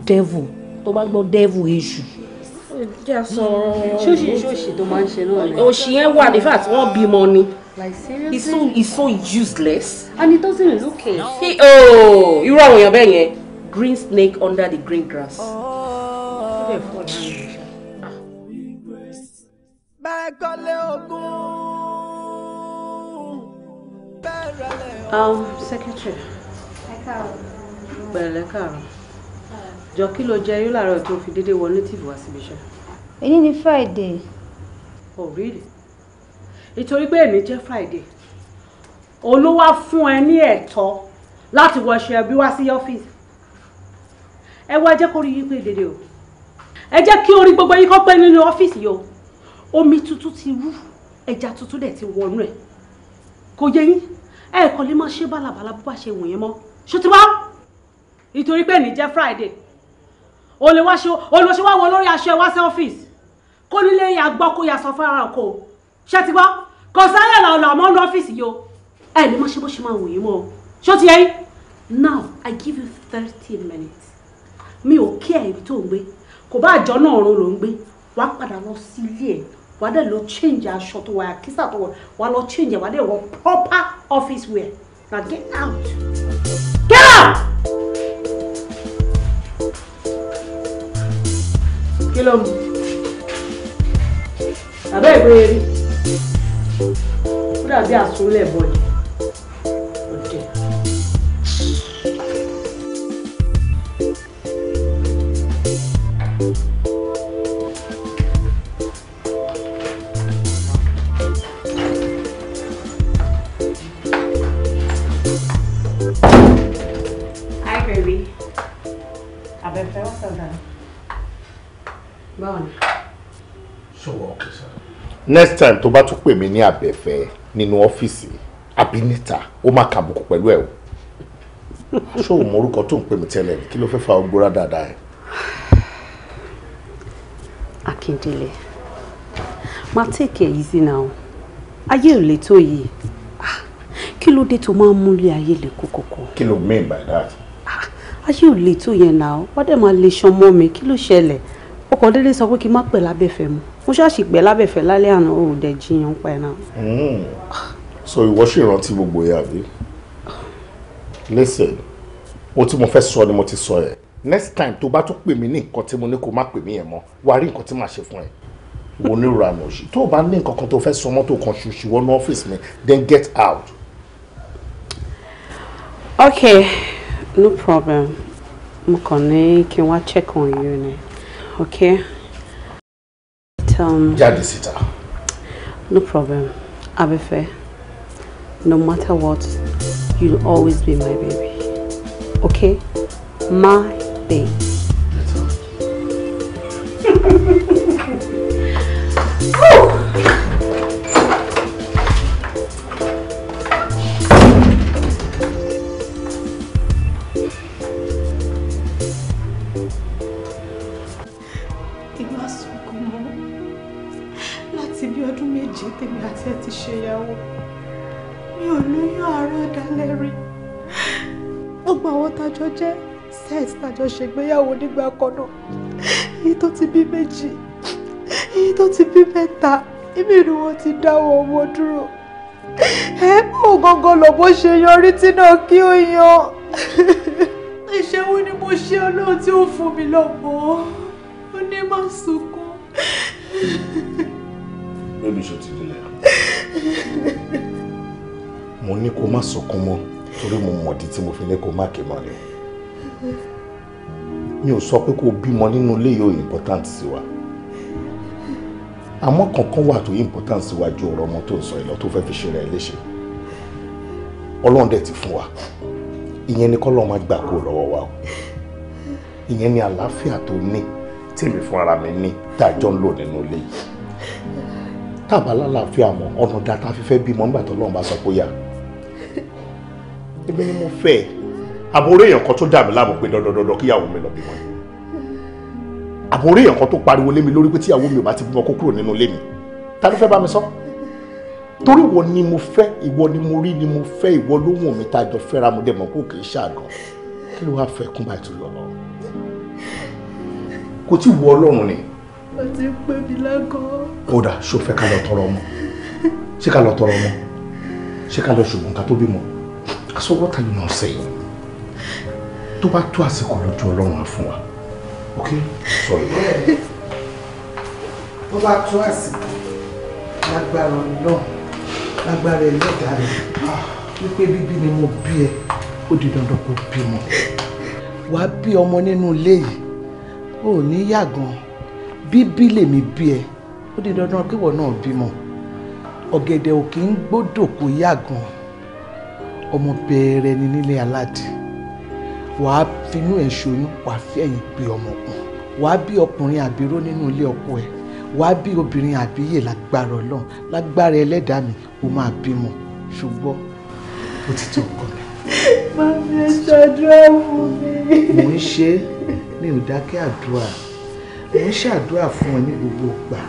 devil tó bá gbọ́ devil èṣù jẹ́ sọ ṣóṣì ṣóṣì tó máa ń ṣe náà ni. fact wọ́n bímọ ni. like seriously he's so he's so useless. and he doesn't look it. he oh irú àwọn You're being yẹn green snake under the green grass. Oh. ó Um, secretary. Pẹ̀lẹ́ káàárọ̀. Jọ kí ló jẹ yín láàárọ̀ tó fi dédé wọ native wá síbi iṣẹ́? Èyí ni Friday. Oh really? Ìtorí pé èmi jẹ́ Friday. Olúwa fún ẹ ní ẹ̀tọ́ láti wọ aṣọ ẹbí wá sí ọ́fíìsì. Ẹ wá jẹ́ kó rí yín pé dédé o. Ẹ jẹ́ kí orí gbogbo yín kó pé nínú ọ́fíìsì yìí omi tútù ti rú ẹja tútù dẹ̀ ti wọnú ẹ̀ kò yẹ yín ẹ kò lè máa ṣe bálabàla bó bá ṣe wọ̀nyẹn mọ́ ṣùtúbà nítorí pé ní jẹ́ Friday olùwàṣẹ wá wọ lórí aṣọ ẹ wá sí ọ́fíìsì kó nílé yà gbọ́ kó yà sọ fara kó ṣe ti gbọ́ kò sáyẹ̀ làwọn àmọ́ ní ọ́fíìsì yìí o ẹ lè má ṣe bó ṣe máa wọ̀nyẹn mọ́ ṣó ti yẹ yín now I give you thirty minutes mi ò kí ẹ̀ ibi tó ń gbé kò bá àjọ náà ọ̀run ló ń gbé wàá padà lọ sí ilé ẹ̀ wà á dẹ̀ lọ change aṣọ tó wà àkísà tó wà wà lọ change wà á dẹ̀ wọ proper office wear na get out get out. kí ló ń bù abẹ́ ìwé rí ó dàbí àsúnlẹ̀ bọ́ọ̀lì. Sir. Báwo ni? So Next time tó bá tún pè mí ní abẹ́fẹ́ nínú ọ́fíìsì àbí níta ó má kàbùkù pẹ̀lú ẹ̀ o. Ṣé o mọ orúkọ tó ń pè mí tẹ́lẹ̀ kí ló fẹ́ fa ogbóra dáadáa ẹ̀? Akíndélé, máa take it easy now. Ayé ò lè tó yìí. Ah, kí ló dé tó máa ń múlé ayé lè kókókó? Kí ló mean by that? ayé ò le tó yẹn náà wọ́n dẹ̀ máa le ṣan mọ́ mi kí ló ṣẹlẹ̀ ọkọ̀ déédéé sọ pé kí n má pẹ́ lábẹ́fẹ́ mu mo ṣáàṣì pẹ́ lábẹ́fẹ́ lálẹ́ àná òun dẹ̀ jiyàn pa ẹ̀ náà. Hmm. so ìwọ ṣì rántí gbogbo ẹ àbí listen mo tí mo fẹ́ sọ ni mo ti sọ ẹ̀ next time tó bá tún pè mí ní nǹkan tí mo ní kó má pè mí yẹn mọ́ wàá rí nǹkan tí màá ṣe fún ẹ wo ní ìranù sí tó o bá ní nǹkan kan tó fẹ́ sọ mọ́tò kan ṣùṣù wọnú ọ́fíìsì mi then get out. okay no problem I'm gonna ní kí check on you okay. Um, jáde síta. no problem fair. no matter what you'll always be my baby okay my baby. lẹ́rìí gbogbo àwọn tájọ jẹ́ sex tájọ ṣègbéyàwó nígbà kan náà èyí tó ti bí méjì èyí tó ti bí mẹ́ta èmi ni wọ́n ti dáwọ́ ọmọ dúró ẹ mọ gangan lọ bó ṣe yọrí tí náà kí ó yan ìṣẹ́wó ni mo ṣe ọlọ́run tí ó fún mi lọ́pọ̀ ó ní má sunkún. bébí ṣe ti délẹ̀ mo ní kó má sọkún mọ́ torí mo mọ̀dí tí mo fi ní kó má ké mọ́ ni mi ò sọ pé kó bímọ nínú ilé yóò important sí wa àmọ́ kankan wà tó important sí wa ju ọ̀rọ̀ ọmọ tó ń sọ ìlọ tó fẹ́ fi ṣe rẹ̀ léṣe ọlọ́run dẹ̀ ti fún wa ìyẹn ni kọ́lọ́ máa gbà kó lọ́wọ́ wa o ìyẹn ni àlàáfíà tó ní tèmi fún ara mi ní dájọ́ ń lò nínú ilé yìí tàbá lálàáfíà mọ́ ọ̀nà dáta fífẹ́ bímọ nígbà tó lọ́run bá sọ pé yà á èmi ni mo fẹ́ ẹ àbórí èèyàn kan tó dà mí láàmú pé dandandandan kíyàwó mi lọ bí wọn àbórí èèyàn kan tó pariwo lé mi lórí pé tíyàwó mi ò bá ti bímọ kó kúrò nínú ilé mi ta ló fẹ́ bá mi sọ torí ìwọ ni mo fẹ́ ìwọ ni mo rí ni mo fẹ́ ìwọ ló wù mí tájọ fẹ́ra mo dẹ̀ mọ̀ kó kì í ṣàgàn kí ló wàá fẹ́ kún báyìí tó yọ lọ kò tí wù ọlọ́run ni. o ti pè mí lágọ̀ọ́. kódà ṣó fẹ́ ká lọ tọrọ ọmọ ṣé ká lọ tọrọ ọmọ ṣé ká lọ ṣùgbọ́n ká tó bímọ. So what are you now saying? To bá tó àsìkò lójú Ọlọ́run á fún wa. Okay? Sorry. Tó bá tó àsìkò lágbára náà lágbára ẹlẹ́dà rẹ̀ ah, wípé bíbí ni mo bí ẹ ó di dandan kó bímọ. Wàá bí ọmọ nínú ilé yìí ò ní yàgàn bíbí lèmi bí ẹ ó di dandan kíwọ náà bímọ ọ̀gẹ̀dẹ̀ ò kì í gbódò kó yàgàn ọmọ bẹ̀rẹ̀ ni nílé aládìí wàá finú ẹ̀ ṣoyún wàá fi ẹ̀yìn gbé ọmọ kù wàá bí ọkùnrin àbíró nínú ilé ọkọ ẹ̀ wàá bí obìnrin àbíyè lágbára ọlọ́run lágbára ẹlẹ́dàá mi ó máa bímọ ṣùgbọ́n ó ti tó ọkọ mi. mami ẹ ṣàdúrà fún mi. mò ń ṣe mi ò dákẹ́ àdúrà mò ń ṣàdúrà fún ẹ ní gbogbo ìgbà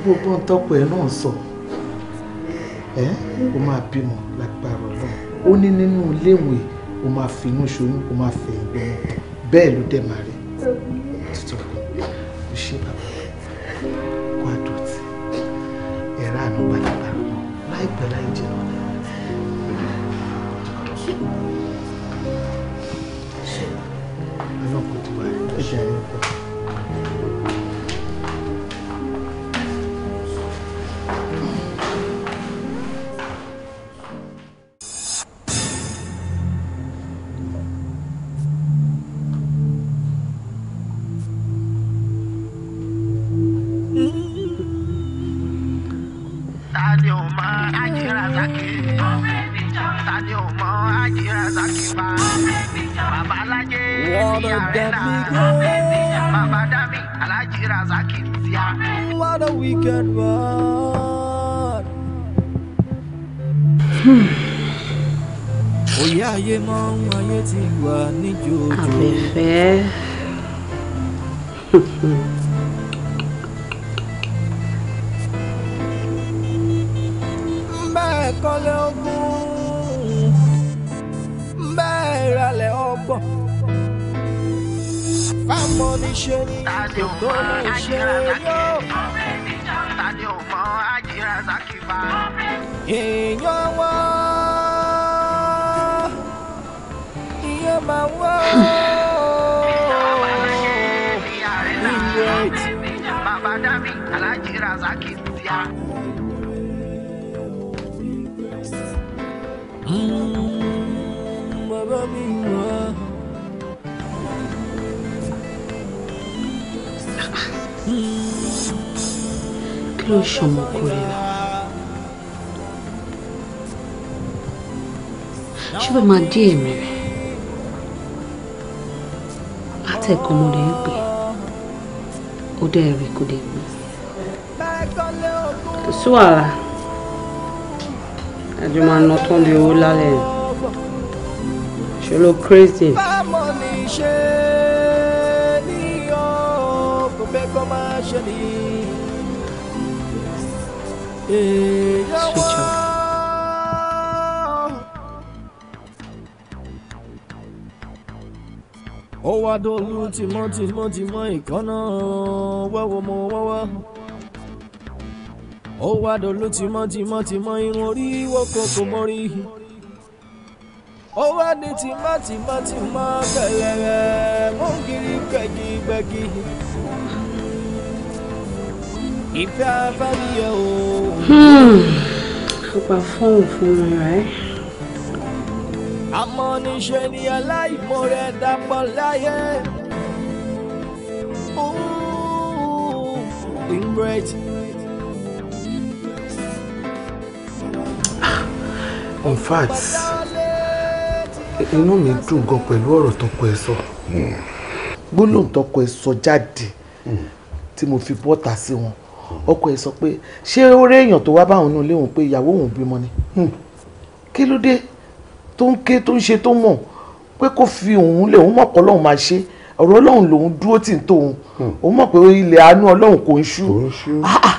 gbogbo ọ̀n tọ́pọ̀ ẹ náà sọ ẹ ó máa bímọ ó ní nínú iléèwé ó máa finú ṣoyún ó máa fẹ̀yìn bẹ́ẹ̀ ló dẹ̀ máa rí kọ́lé ogún bẹ́ẹ̀ ralẹ̀ ọgbọ̀n. fáwọn oníṣe ni kò tó lè ṣe yóò. èèyàn wọn iye máa wọ́. Bàbá kí ló ń ṣe ọmọkùnrin náà ṣé bẹ́ẹ̀ máa dí èmi rẹ̀ látẹ̀kọ́ mo lè ń pè ó dẹ́ rí kò lè gbé síwàlà ẹjọ́ máa crazy. It's Richard. ó wá dọ́lú tìmọ́tìmọ́tìmọ́ ìkọ́nà wẹ́wọ́ mọ́ wọ́wọ́ ó wá dọ́lú tìmọ́tìmọ́tìmọ́ irun orí wọ́kọ̀ọ̀kọ̀ mọ́rí ó wá ní tìmọ́tìmọ́tìmọ́ pẹ̀lẹ́rẹ́ mọ́ kiri gbẹ̀gì gbẹ̀gì ìfẹ́ afẹ́lẹ́ o. ọgbà hmm. fóònù fún mi rẹ. àmọ́ níṣe ni aláìmoore dàpọ̀ láyé. in fact inú mi dùn gan pẹ̀lú ọ̀rọ̀ tọkọ ẹ sọ hmm. gbólóhùn tọkọ ẹ sọ jáde hmm. tí mo fi bọ́ta sí wọn ọkọ ẹ̀ sọ pé ṣé ó rí èèyàn tó wá báwọn nínú ilé òun pé ìyàwó òun bímọ ni hmm. kí ló dé tó ń ké tó ń ṣe tó mọ̀ pé kó fi òun lè òun mọ̀ pé ọlọ́run máa ṣe ọ̀rọ̀ ọlọ́run lòun dúró tì ń tó òun hmm. òun mọ̀ pé ilẹ̀ àánú ọlọ́run kò ń ṣú ah, ah.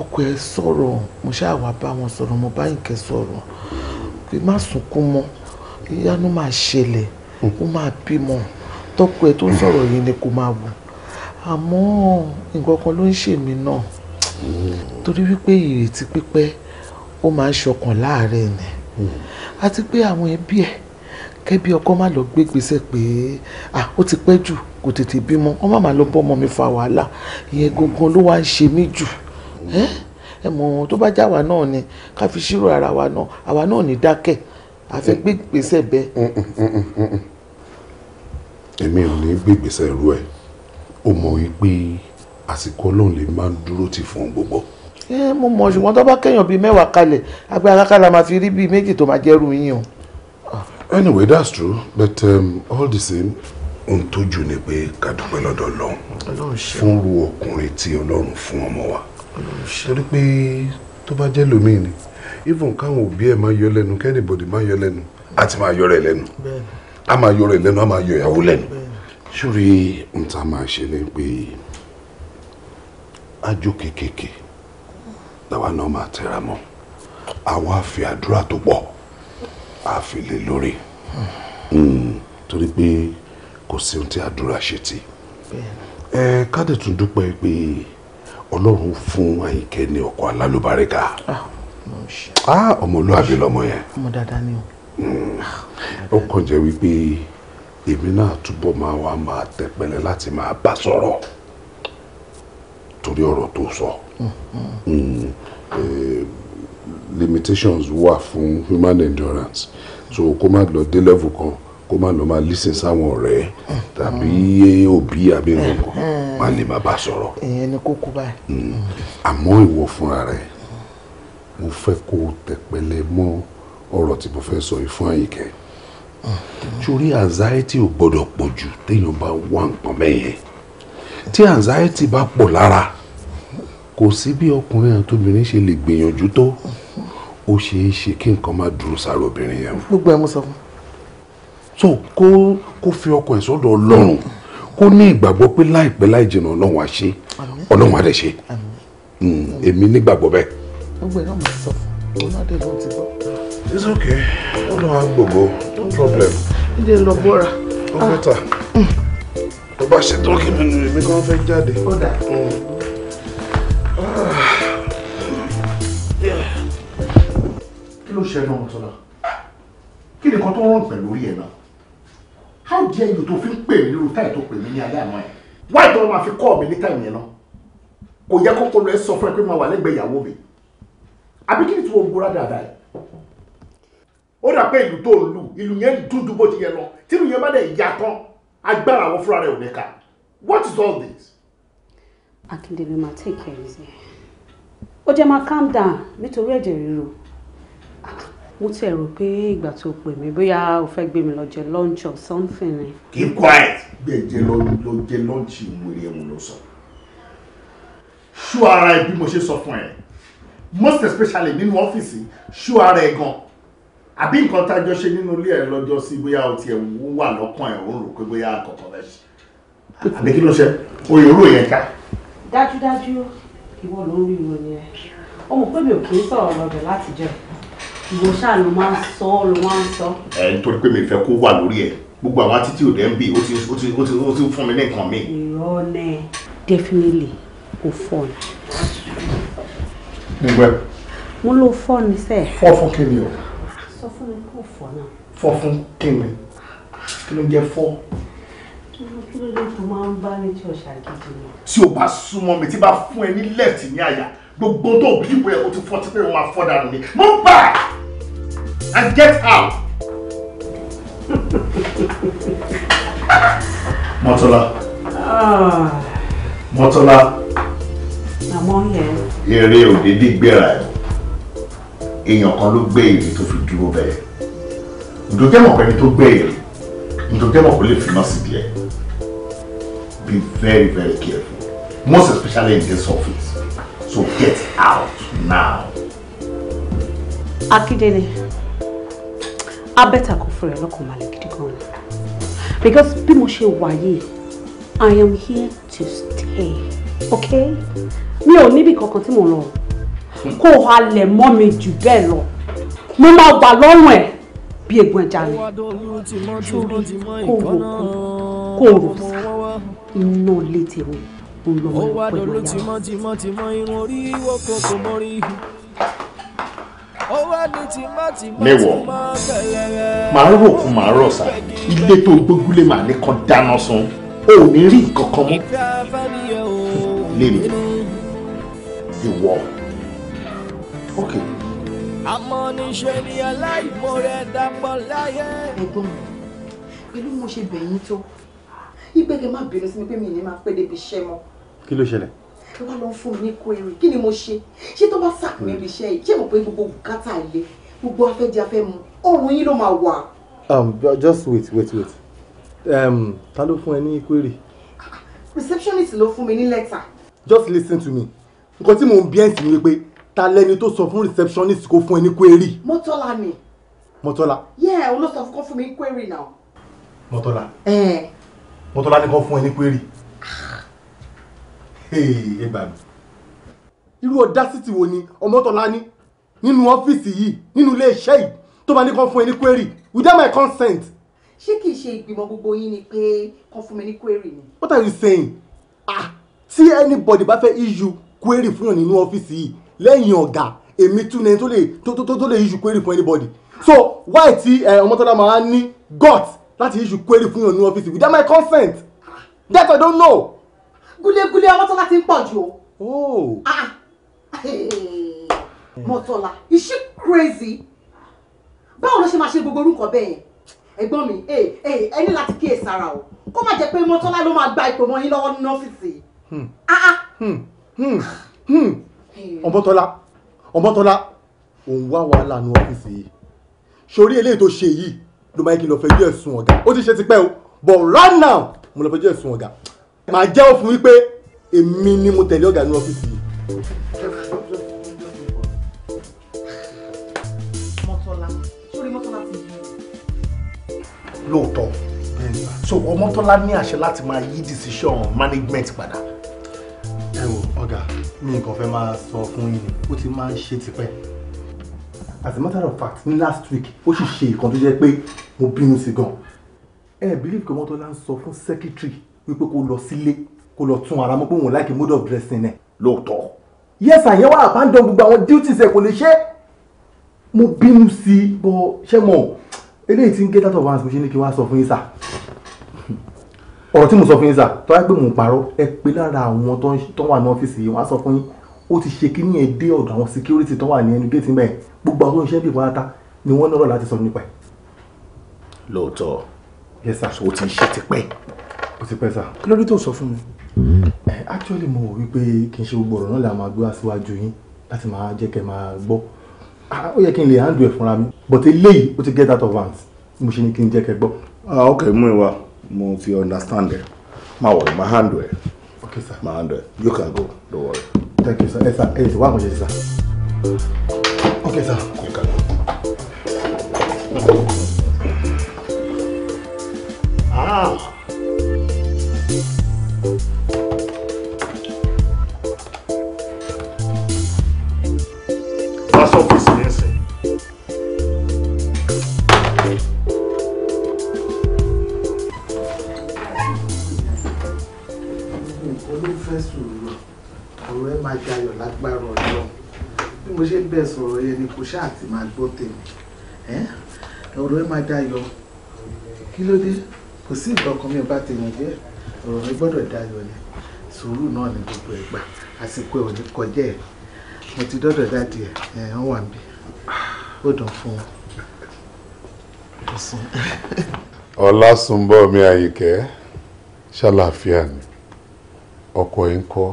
ọkọ ẹ̀ sọ̀rọ̀ mo ṣáà bá wọn sọ̀rọ̀ mo bá Yínká sọ̀rọ̀ pé má sunkún mọ́ ìyanu máa ṣẹlẹ̀ hmm. ó máa bímọ tọkọ ẹ̀ tó ń sọ̀rọ̀ yìí ni kò máa wù àmọ́ nǹkan kan ló ń ṣèmi náà torí wípé ìrètí pípẹ́ ó máa ń ṣọkàn láàárẹ̀ ni àti pé àwọn ẹbí ẹ̀ kẹ́bí ọkọ má lọ gbé gbèsè pé ó ti pẹ́ jù kò tètè bímọ wọ́n má máa lọ bọ́ ọmọ mi fa wàhálà ìyẹn gangan ló wá ń ṣe mí jù ẹ mọ̀ tó bá jáwa náà ni ká fi ṣírò ara wa náà àwa náà ní dákẹ́ àfẹ́ gbé gbèsè bẹ́ẹ̀. èmi ò ní gbé gbèsè irú ẹ̀ ó mọ̀ wípé àsìkò ọlọ́run lè máa ń dúró tì fún gbogbo. ẹ mo mọ ṣùgbọ́n tó bá kẹ́yàn bíi mẹ́wàá kalẹ̀ agbára kálá máa fi rí bíi méjì tó máa jẹ́rù yín anyway that's true but um, all the same ohun tó jù ni pé ká dúpẹ́ lọ́dọ̀ ọlọ́run fúnru ọkùnrin tí ọlọ́run fún ọmọ wa torí pé tó bá jẹ́ lómìn ni even káwọn òbí ẹ̀ máa yọ lẹ́nu kẹ́nìbọ̀dì máa yọ lẹ́nu a ti máa yọ rẹ̀ lẹ́nu a máa yọ rẹ̀ lẹ́nu a máa yọ ìyàwó lẹ́nu ṣórí ohun tá máa ṣe ni pé àjò kéékèèké làwa náà máa tẹra mọ́ àwa fi àdúrà tó pọ̀ àfi lè lórí hmm. torí pé kò sí ohun tí àdúrà ṣe ti ẹ ká dẹ̀ tún dúpẹ́ pé ọlọ́run fún àyíkẹ́ ní ọkọ alálùbáríkà ah, ọmọlúwàbí lọmọ yẹn o hmm. ó kàn jẹ́ wípé èmi náà túbọ̀ máa wá máa tẹpẹlẹ láti máa bá sọ̀rọ̀ torí ọ̀rọ̀ tó sọ hmm. eh, limitations wà fún human endurance so kó má lọ dé level kan kó má lọ máa lísìn sáwọn ọ̀rẹ́ tàbí òbí àbí nǹkan má lè má bá sọ̀rọ̀. ìyẹn ni kókó báyìí. Hmm. àmọ́ ìwọ fúnra rẹ̀ mo fẹ́ kó o tẹ̀pẹ́lẹ́ mọ́ ọ̀rọ̀ tí mo fẹ́ sọ yìí fún àyíkẹ́. Hmm. sórí anxiety ò gbọ́dọ̀ pọ̀ jù téèyàn bá wá nǹkan bẹ́yẹn tí anxiety bá pọ̀ lára kò sí bí ọkùnrin àti obìnrin ṣe lè gbìyànjú tó ó ṣeé ṣe kí nǹkan má dúró sára obìnrin yẹn. gbogbo ẹ mo sọ fún. so kó kó fi ọkọ ẹ sọ́dọ̀ Ọlọ́run kó ní ìgbàgbọ́ pé láìpẹ́ láì jìnnà Ọlọ́run á ṣe Ọlọ́run á dẹ̀ ṣe hmm, èmi nígbàgbọ́ bẹ́ẹ̀. gbogbo ẹ náà mo sọ fún òun náà dé ló ti bọ. it's okay ó lọ́ọ́ gbogbo no problem. ilé lọ bọ́ra. ó bẹ́tà tó bá ṣe tọ́kì nínú èmi kan fẹ́ jáde. ó dà. kí ló ṣe náà sọlá kí ni kan tó rán pẹ̀lú orí ẹ̀ náà how dare you tó fi ń pè mí nírú táì tó pè mí ní alẹ́ àná ẹ̀ wáì tó máa fi kọ́ mi ní táì yẹn náà kò yẹ kó kọlu ẹ sọ fún ẹ pé máa wà lẹ́gbẹ̀ẹ́ ìyàwó mi àbí kí ni tí wọ́n gbóra dáadáa yìí ó dà pé ìlú tó ń lu ìlú yẹn dúdú bó ti yẹ lọ tí ìlú yẹn bá dẹ̀ yà tán agbára àwọn fúnra rẹ̀ ò ní what is all this. akíndélé máa take care easy ó jẹ́ máa calm down nítorí ẹ̀jẹ̀ ríru ah, mo tiẹ̀ rò pé ìgbà tó pè mí bóyá o fẹ́ gbé mi lọ jẹ lunch or something keep quiet. bẹ́ẹ̀ jẹ́ lọ jẹ lunch ìwúrí ẹ̀mú ló sọ. ṣú ara ẹ bí mo ṣe sọ fún ẹ most especially nínú ọ́fíìsì ṣú ara ẹ gan àbí nǹkan tájọ ṣe nínú ilé ẹ lọ́jọ́ sí bóyá o tiẹ̀ wà lọ́kàn ẹ̀ o ń rò pé bóyá kọ̀ọ̀kan rẹ̀ ṣe àbí kí ló ṣe oyè oró yẹn ká. dájúdájú ìwọ ló ń rí ìwọ ni ẹ ó mọ̀ pé mi ò kì í sọ̀rọ̀ lọ́dọ̀ láti jẹ ìwọ ṣáà ló máa ń sọ ọ́ ló máa ń sọ. ẹ nítorí pé mi fẹ́ kó wà lórí ẹ gbogbo àwọn títí òde ń bì ó ti ó ti ó ti fún mi ní nǹkan mi. irọ́ nẹ definitely kò fọ́ ni. ǹgbẹ́. mo lo fọ́ ni sẹ́ẹ̀. fọ́ fún kí ni o fọ́ fún kìnìún kí ló ń jẹ́ fọ́. kí ló dé tó máa ń bá ní tí ọ̀sà gidi ni. tí o bá súnmọ́ mi tí bá fún ẹ ní left ní àyà gbogbo tó bí ìwé ẹ̀ o ti fọ́ tipẹ́ o máa fọ́ dànù ni mo gbà and get out. Mọ́tọ́lá. Ah. Mọ́tọ́lá. Àmọ́ yẹn. Eré òde dígbéra ẹ̀. Èèyàn kan ló gbé ìrì tó fi dúró bẹ̀rẹ̀ ǹdò tẹ́mọ̀ pẹ̀lú tó gbẹ̀yẹ̀ ǹdò tẹ́mọ̀ kò lè fi náà sí be very very careful most especially in this office so get out now. akíndélé abẹ́ta kò fún rẹ̀ lọ́kàn balẹ̀ gidi gan ni because bí mo ṣe wà I am here to stay okay mi ò níbi kankan tí mo lọ kó o halẹ̀ mọ́ mi jù bẹ́ẹ̀ lọ mo máa wà lọ́rùn ẹ̀ bí egun ẹja ni sórí kó rò kó kó rò sá iná lé tèmi ó lọ mọ pẹ̀lú àyà mẹ́wọ̀ màá rò kún màá rọ̀ sá ilé tó gbógúlé màá ní kan dáná sun ó ní rí nǹkan kan mọ́ lèmi ìwọ ok àmọ́ níṣẹ́ ni aláìmoore dàpọ̀ láyé. ẹ̀gbọ́n mi pẹ̀lú mo ṣe bẹ̀yìn tó ìgbẹ́gẹ̀ má bínú sí mi pé mi ní máa pẹ́ débi iṣẹ́ mọ́. kí ló ṣẹlẹ̀. ẹ wá lọ fún mi ní kó èrè kí ni mo ṣe ṣé tó bá sàkó níbi iṣẹ́ yìí ṣé mo pé gbogbo bùkátà ilé gbogbo afẹ́jẹ afẹ́ mu ọrùn yín ló máa wà. um just wait wait wait um, ta ló fún ẹ ní query. receptionist ló fún mi ní lẹ́tà. just listen to me nǹkan tí mò ń bí ẹ̀sìn ni pé ta lẹni tó sọ fún receptionist kó fún ẹ ní query. mọ́tọ́lá ni. mọ́tọ́lá. yẹ o ló sọ fún kó fún mi query náà. mọ́tọ́lá. ẹ̀ẹ́. Eh. mọ́tọ́lá ni kó fún ẹ ní query. Ah. ẹ gbà mí. irú audacity wo ni ọmọtọ́lá ní nínú ọ́fíìsì yìí nínú ilé iṣẹ́ yìí tó máa ní kó fún ẹ ní query without my consent. ṣé kì í ṣe ìgbìmọ̀ gbogbo yín ni pé kó fún mi ní query ni. what are you saying? ah tí anybody bá fẹ́ issue query fún yàn nínú ọ́fíìsì yìí lẹ́yìn ọ̀gá èmi tún ní tó lè tó lè issue query for anybody so why ti ọmọtọ́lá máa ní gut láti issue query fún yàn ní ọ́fíìsì without my consent that I don't know. gúlégúlé ọmọtọ́lá ti ń pọ̀ jù o. Oh. Ah. mọ́tọ́lá is she crazy báwo ló ṣe máa ṣe gbogbo orúkọ bẹ́ẹ̀ yẹn ẹ̀gbọ́n mi ẹni láti kíyè sára o kó má jẹ́ pé mọ́tọ́lá ló máa gba ipò mọ́ yín lọ́wọ́ nínú ọ́fíìsì. Hmm. Ah, ah. Hmm. Hmm ọmọtọ́lá ọmọtọ́lá òun wá wàhálà nu ọ́fíìsì yìí sórí eléyìí tó ṣe yìí ló máa kí lọ fẹjọ́ ẹ̀sùn ọ̀gá ó ti ṣe tipẹ́ o but right now mo lọ fẹjọ́ ẹ̀sùn ọ̀gá màá jẹ́wọ́ fún wípé èmi ni mo tẹ̀lé ọ̀gá nu ọ́fíìsì yìí. lóòótọ́ so ọmọtọ́lá ní àṣẹ láti máa yí decision management padà ọ̀gá mi nǹkan fẹ́ máa sọ fún yín ó ti máa ń ṣe tipẹ́ as a matter of fact ní last week ó sì ṣe ìkan tó jẹ́ pé mo bínú sí gan ẹ believe kí ọmọtọ́lá ń sọ fún secretary wípé kó lọ sílé kó lọ tún ara mọ́ pé òun láìkí mode of dressing ẹ̀ lóòótọ́ yes àyẹ̀ wá abandon gbogbo àwọn duties ẹ̀ kò lè ṣe mo bínú sí bọ́ ṣẹ́ mọ̀ eléyìí ti ń gé dátọ̀ wá àti mo ṣe ní kí wá sọ fún yín sáà ọ̀rọ̀ tí mo sọ fún yín sà tó wáyé pé mò ń parọ́ ẹ pé lára àwọn tó wà ní ọ́fíìsì yìí wọ́n á sọ fún yín ó ti ṣe kíní ẹ̀ dé ọ̀dọ̀ àwọn security tó wà ní ẹnu géètì mẹ́ẹ̀ gbogbo àwọn oníṣẹ́ bíi pátá ni wọ́n lọ́rọ̀ láti sọ nípa ẹ̀. lóòótọ́ yes o ti ṣe tipẹ́. o ti pẹ́ sà. kí ló dé tó sọ fún mi. ẹ actually mo rò wípé kì í ṣe gbogbo ọ̀rọ̀ náà la máa gbé wá síwájú yín láti máa jẹ́ kẹ́ máa gbọ́ ó yẹ kí n lè handle ẹ̀ fúnra mi but eléyìí ó ti get out of hand mo ṣe ni kí n jẹ́ kẹ́ gbọ́. ah ok mú ìwà mo ti understand it. má wọ̀ má handle ẹ okay sir má handle ẹ you can go don't worry. thank you sir ẹ sà ẹ sì wá àkànṣe sà okay sir you can go. ah. That's office. bẹ́ẹ̀ sọ̀rọ̀ yẹn ni kò ṣáà ti máa gbọ́ tèmi ọ̀rọ̀ ẹ máa dayọ̀ kí ló dé kò sí nǹkan kan mi ò bá tèmi jẹ́ ọ̀rọ̀ mi gbọ́dọ̀ dayọ̀ ni sùúrù náà ni gbogbo ẹ̀ gbà àsìkò ẹ̀ ò ní kọjá ẹ̀ mo ti dọ́dọ̀ dáàdì ẹ̀ ẹ̀ ń wà níbí ó dùn fún un. Ọlásùnbọ̀mí Àyìnkẹ́ ṣàlàáfíà ni ọkọ ẹ̀ ń kọ́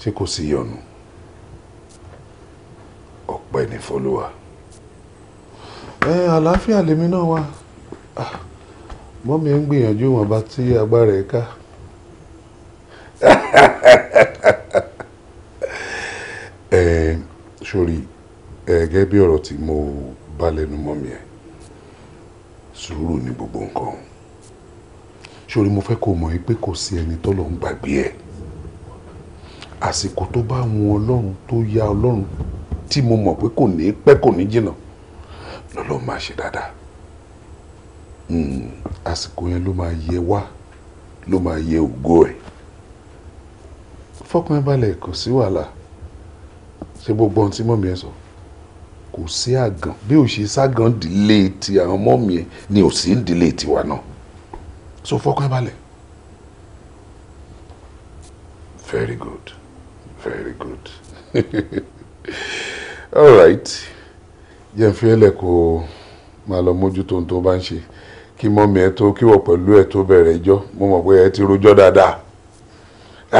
ṣé kò sí yọnu ọpẹ́ ní fọlúwa ẹ àlàáfíà lèmi náà wà ah, mọ́mí ń gbìyànjú wọn bá tí agbára ẹ̀ ká ẹ sórí ẹ gẹ́gẹ́ bí ọ̀rọ̀ tí mo bá lẹ́nu mọ́mí ẹ̀ sùúrù ní gbogbo nǹkan sórí mo fẹ́ kó mọ̀ yìí pé kò sí ẹni tó lọ́n gbàgbé ẹ̀ àsìkò tó bá wọn ọlọ́run tó yá ọlọ́run tí mo mọ̀ pé kò ní pẹ́ kò ní jìnnà lọ́lọ́ máa ṣe dáadáa hmm, àsìkò yẹn ló máa yẹ wá ló máa yẹ ògo ẹ̀ fọkàn ẹ balẹ̀ kò sí wàhálà ṣé gbogbo ohun tí mọ̀mí ẹ sọ kò sí àgàn bí ò ṣe ságàn dílé ti àwọn mọ̀mí ẹ ni ò sí dílé tiwa náà so fọkàn ẹ balẹ̀ very good very good. all right jẹ́ fi ẹ́ lẹ́kọ̀ọ́ máa lọ mójútó ohun tó bá ń ṣe kí mọ́mí ẹ tó kíwọ̀ pẹ̀lú ẹ tó bẹ̀rẹ̀ ẹjọ́ mo mọ̀ pé ẹ ti rojọ́ dáadáa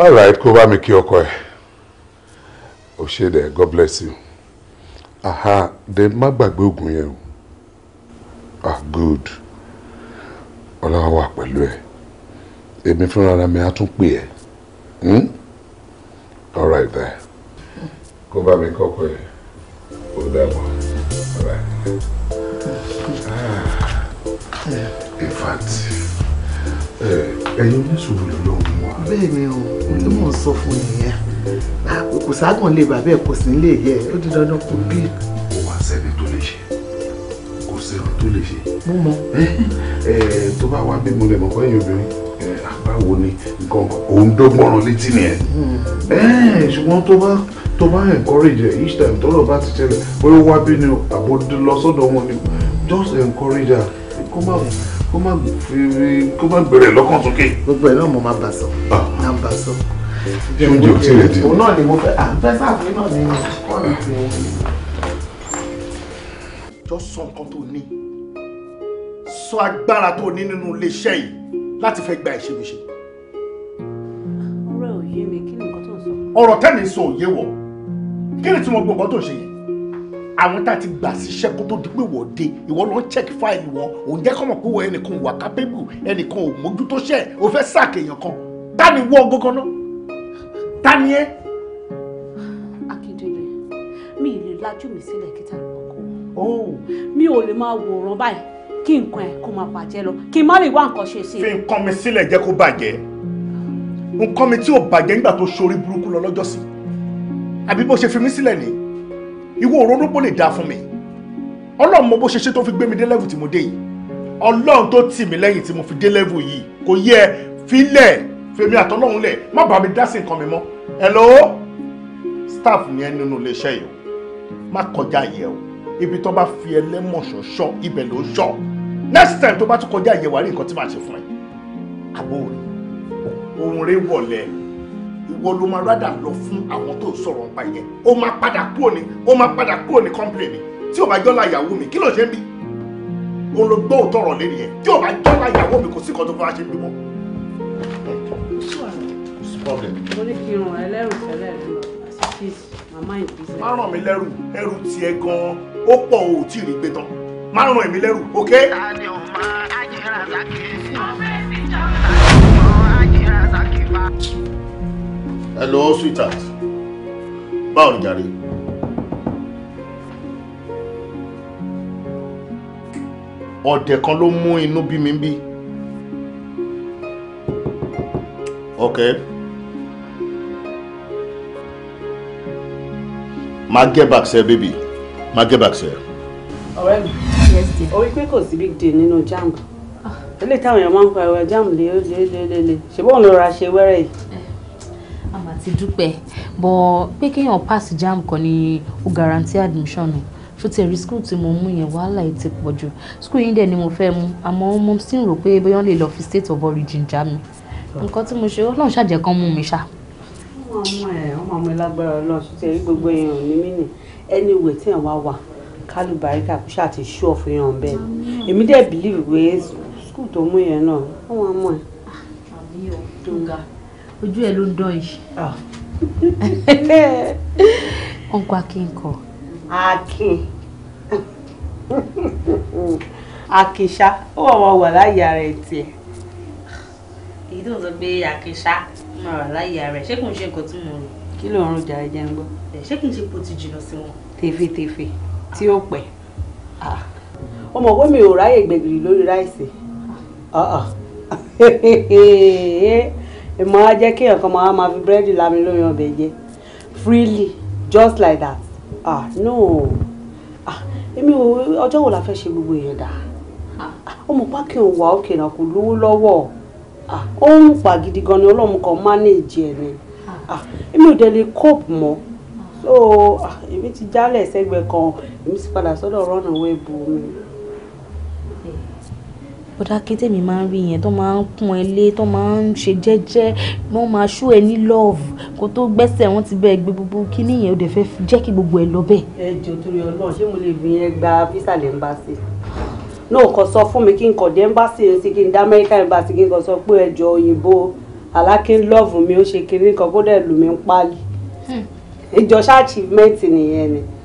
all right kó bá mi kí ọkọ ẹ ò ṣe dẹ god bless you aha de má gbàgbé oògùn yẹn o ah good ọlọ́wọ́ wà pẹ̀lú ẹ èmi fúnra mi á tún pè ẹ́. Hmm? all right then Go bá mi kọ́kọ́ ẹ̀ ó dàbọ̀ all right. Ah, in fact ẹ̀yin oníṣòwò ló ló ń wá. bẹ́ẹ̀ ni o ló mọ̀ sọ fún nìyẹn ah, kò ságàn lè bàbá ẹ̀ kò sí nílé yẹ ó di dandan kò bí. ó wá sẹ́ni tó lè ṣe kò sẹ́ni tó to ṣe. mo mọ. ẹ ẹ tó bá wá bí mo lè mọ̀ báwo ni nǹkan òun dọ́gbọ́n létí nìyẹn ṣùgbọ́n tó bá tó bá encourage each time tọ́lọ̀ bá ti tẹ̀lé bóyá wá bí ni àbò lọ sọ́dọ̀ wọn ni just encourage her kó má kó má fi kó má gbèrè lọ́kàn sókè. gbogbo ẹ̀ náà mo máa bà sọ ah. máa bà sọ. ṣé oúnjẹ ò tilẹ̀ di. òun náà ni mo fẹ́ àfẹ́sà fún náà ni kọ́ọ̀lù ti wọn. jọ sọ nǹkan tó ní sọ agbára tó ní nínú iléeṣẹ́ yìí láti fẹ́ gba ìṣèlú ọ̀rọ̀ tẹ́mi sọ òye wọ̀ kí ni tí mo gbọ́ tó ṣe yẹn àwọn tá a ti gbà síṣẹ́ kó tó di pé wọ́n dé ìwọ ló ń check fáìlì wọn òun jẹ́ kọ́mọ̀ pé wọ́n ẹnìkan wà capable ẹnìkan ò mójútó o ò fẹ́ sack èèyàn kan ta ni wọ́ gógó náà ta ni ẹ́. akíndélé mi ì lè lajú mi sílẹ̀ kíta lọ́kọ̀ mi ò lè máa wòran báyìí kí nǹkan ẹ̀ kó máa bàjẹ́ lọ kí n má lè wá nǹkan ṣe sí i. fi nǹkan mi sílẹ̀ jẹ́ kó bàjẹ́ nǹkan mi tí ò bàjẹ́ nígbà tó ṣorí burúkú lọ lọ́jọ́ sí àbí bó ṣe fi mí sílẹ̀ ní ìwọ òrónú bó lè dáa fún mi ọlọ́run mo bó ṣe ṣe tó fi gbé mi dé level tí mo dé yìí ọlọ́run tó tì mí lẹ́yìn tí mo fi dé level yìí kò yẹ filẹ̀ fèmi àtọ́lọ́run lẹ̀ má bàa mi dá sí nǹkan mi mọ́ hello staff ni ẹ nínú iléeṣẹ́ yìí o má kọjá yẹ o ibi tó bá fi ẹlẹ́mọ̀ṣọ́ ṣọ́ ibẹ̀ ló ṣọ́ next time tó bá tún kọjá yẹ wàá rí nǹkan tí màá ṣe fún ẹ àbó ohun rẹ wọlé ìwọ ló máa rádà lọ fún àwọn tó sọ̀rọ̀ ọ̀pá yẹn ó máa padà kúrò ní ó máa padà kúrò ní kọ́ńpìlẹ̀nì tí ò bá jọ́la ìyàwó mi kí ló ṣe ń bí òun ló gbọ́ òótọ́ ọ̀rọ̀ lẹ́nu yẹn tí ò bá jọ́la ìyàwó mi kò sí kan tó fara ṣe mọ́. má ràn mí lẹ́rù ẹrù tiẹ̀ gan-an ó pọ̀ o rí gbé tán má ràn mí lẹ́rù ok. ta ni ò máa ajẹ́ra lákè Hello, sweetheart. Báwo ni jàre? Ọ̀dẹ̀ kan ló mú inú bí mi Okay. Máa get back sẹ́ baby. Máa get back sẹ́. Oh, mi. Yes dear. Oh, Orí pé kò sí big day nínú jamb ilé táwọn èèyàn máa ń pa ẹ̀rọ jáàmù lé lé lé lé ṣùgbọ́n òun lọ́ra ṣe wẹ́rẹ́ yìí. àmà eh, ti dúpẹ́ bọ́ pé kéèyàn pass jáàmù kan ni ó guarantee admission o ṣó ti ẹ̀rí skul tí mo mú yẹn wàhálà yìí ti pọ̀ jù skul yìí dẹ̀ ni mo fẹ́ mu àmọ́ mo sì ń rò pé bóyá lè lọ fi state of origin já mi nǹkan tí mo ṣe ọlọ́run ṣàjẹ́ kan mú mi ṣá. wọ́n mọ̀ ẹ́ wọ́n mọ̀ ẹ́ lágbára ọlọ́run ṣó ti ẹ̀rí gbogbo yẹn ò ní mí nì ẹni ìwé tí ẹ̀ wá wà kálù bàríkà kó ti ṣú ọ̀fìn hàn bẹ́ẹ̀ èmi dẹ̀ bìlíìfù pé skul tó mú yẹn náà ó wọn mú ẹ. àmì ò tó ga ojú ẹ ló ń dán yìí. ọ̀nkọ ah. akin kọ. akin akínṣá ó wà wọ́n wà láyé ara ẹ̀ tiẹ̀. èyí tó ń sọ pé akínṣá máa wà láyé ara ẹ̀ ṣé kò ń ṣe nǹkan tí mo rò. kí ló ń rún jàre jẹ́ ń gbọ́. ṣé kì í ṣe kó ti jìnnà sí wọn. tèfètèfè tí ó pẹ́ ọmọ ah. òwe mi ò ráyè gbẹ̀gìrì lórí ráìsì ìmọ̀ ah, ah. á jẹ́ kéèyàn kan máa máa fi búrẹ́dì lámi lórí ọbẹ̀ jẹ freely just like that ah no ah, èmi ò ọjọ́ wo la fẹ́ ṣe gbogbo yẹn dà ọmọ pákí òun wà òkè náà kò lówó lọ́wọ́ ó ń pa gidi gan ni ọlọ́run kan manage ẹ̀ ni èmi ò dẹ̀ lè cope mọ́ so èmi ti jálẹ̀ sẹ́gbẹ̀ẹ́ kan èmi sì padà sọ́dọ̀ rọ́nà wẹ́ẹ̀bù mi bọ̀dá kí tèmi máa ń rí yẹn tó máa ń pọ́n ẹ lé tó máa ń ṣe jẹ́jẹ́ wọ́n máa ṣú ẹ ní lọ́ọ̀fù kó tó gbẹ́sẹ̀ wọ́n ti bẹ́ẹ̀ gbé gbogbo kíní yẹn ó dẹ̀ fẹ́ jẹ́ kí gbogbo ẹ lọ bẹ́ẹ̀. ẹ jọ torí Ọlọ́run ṣé mo lè fi yẹn gba visa lè ń bá sí i náà kò sọ fún mi kí n kò dé embassy yẹn sí kí n dá America embassy kí n kò sọ pé ẹ jọ òyìnbó alákin lọ́ọ̀fù mi ó ṣe kinní kan kó dẹ̀ lù mí ń pálí hmm. ìjọ ṣáàchì mẹ́ǹtì nìyẹn ni. Hmm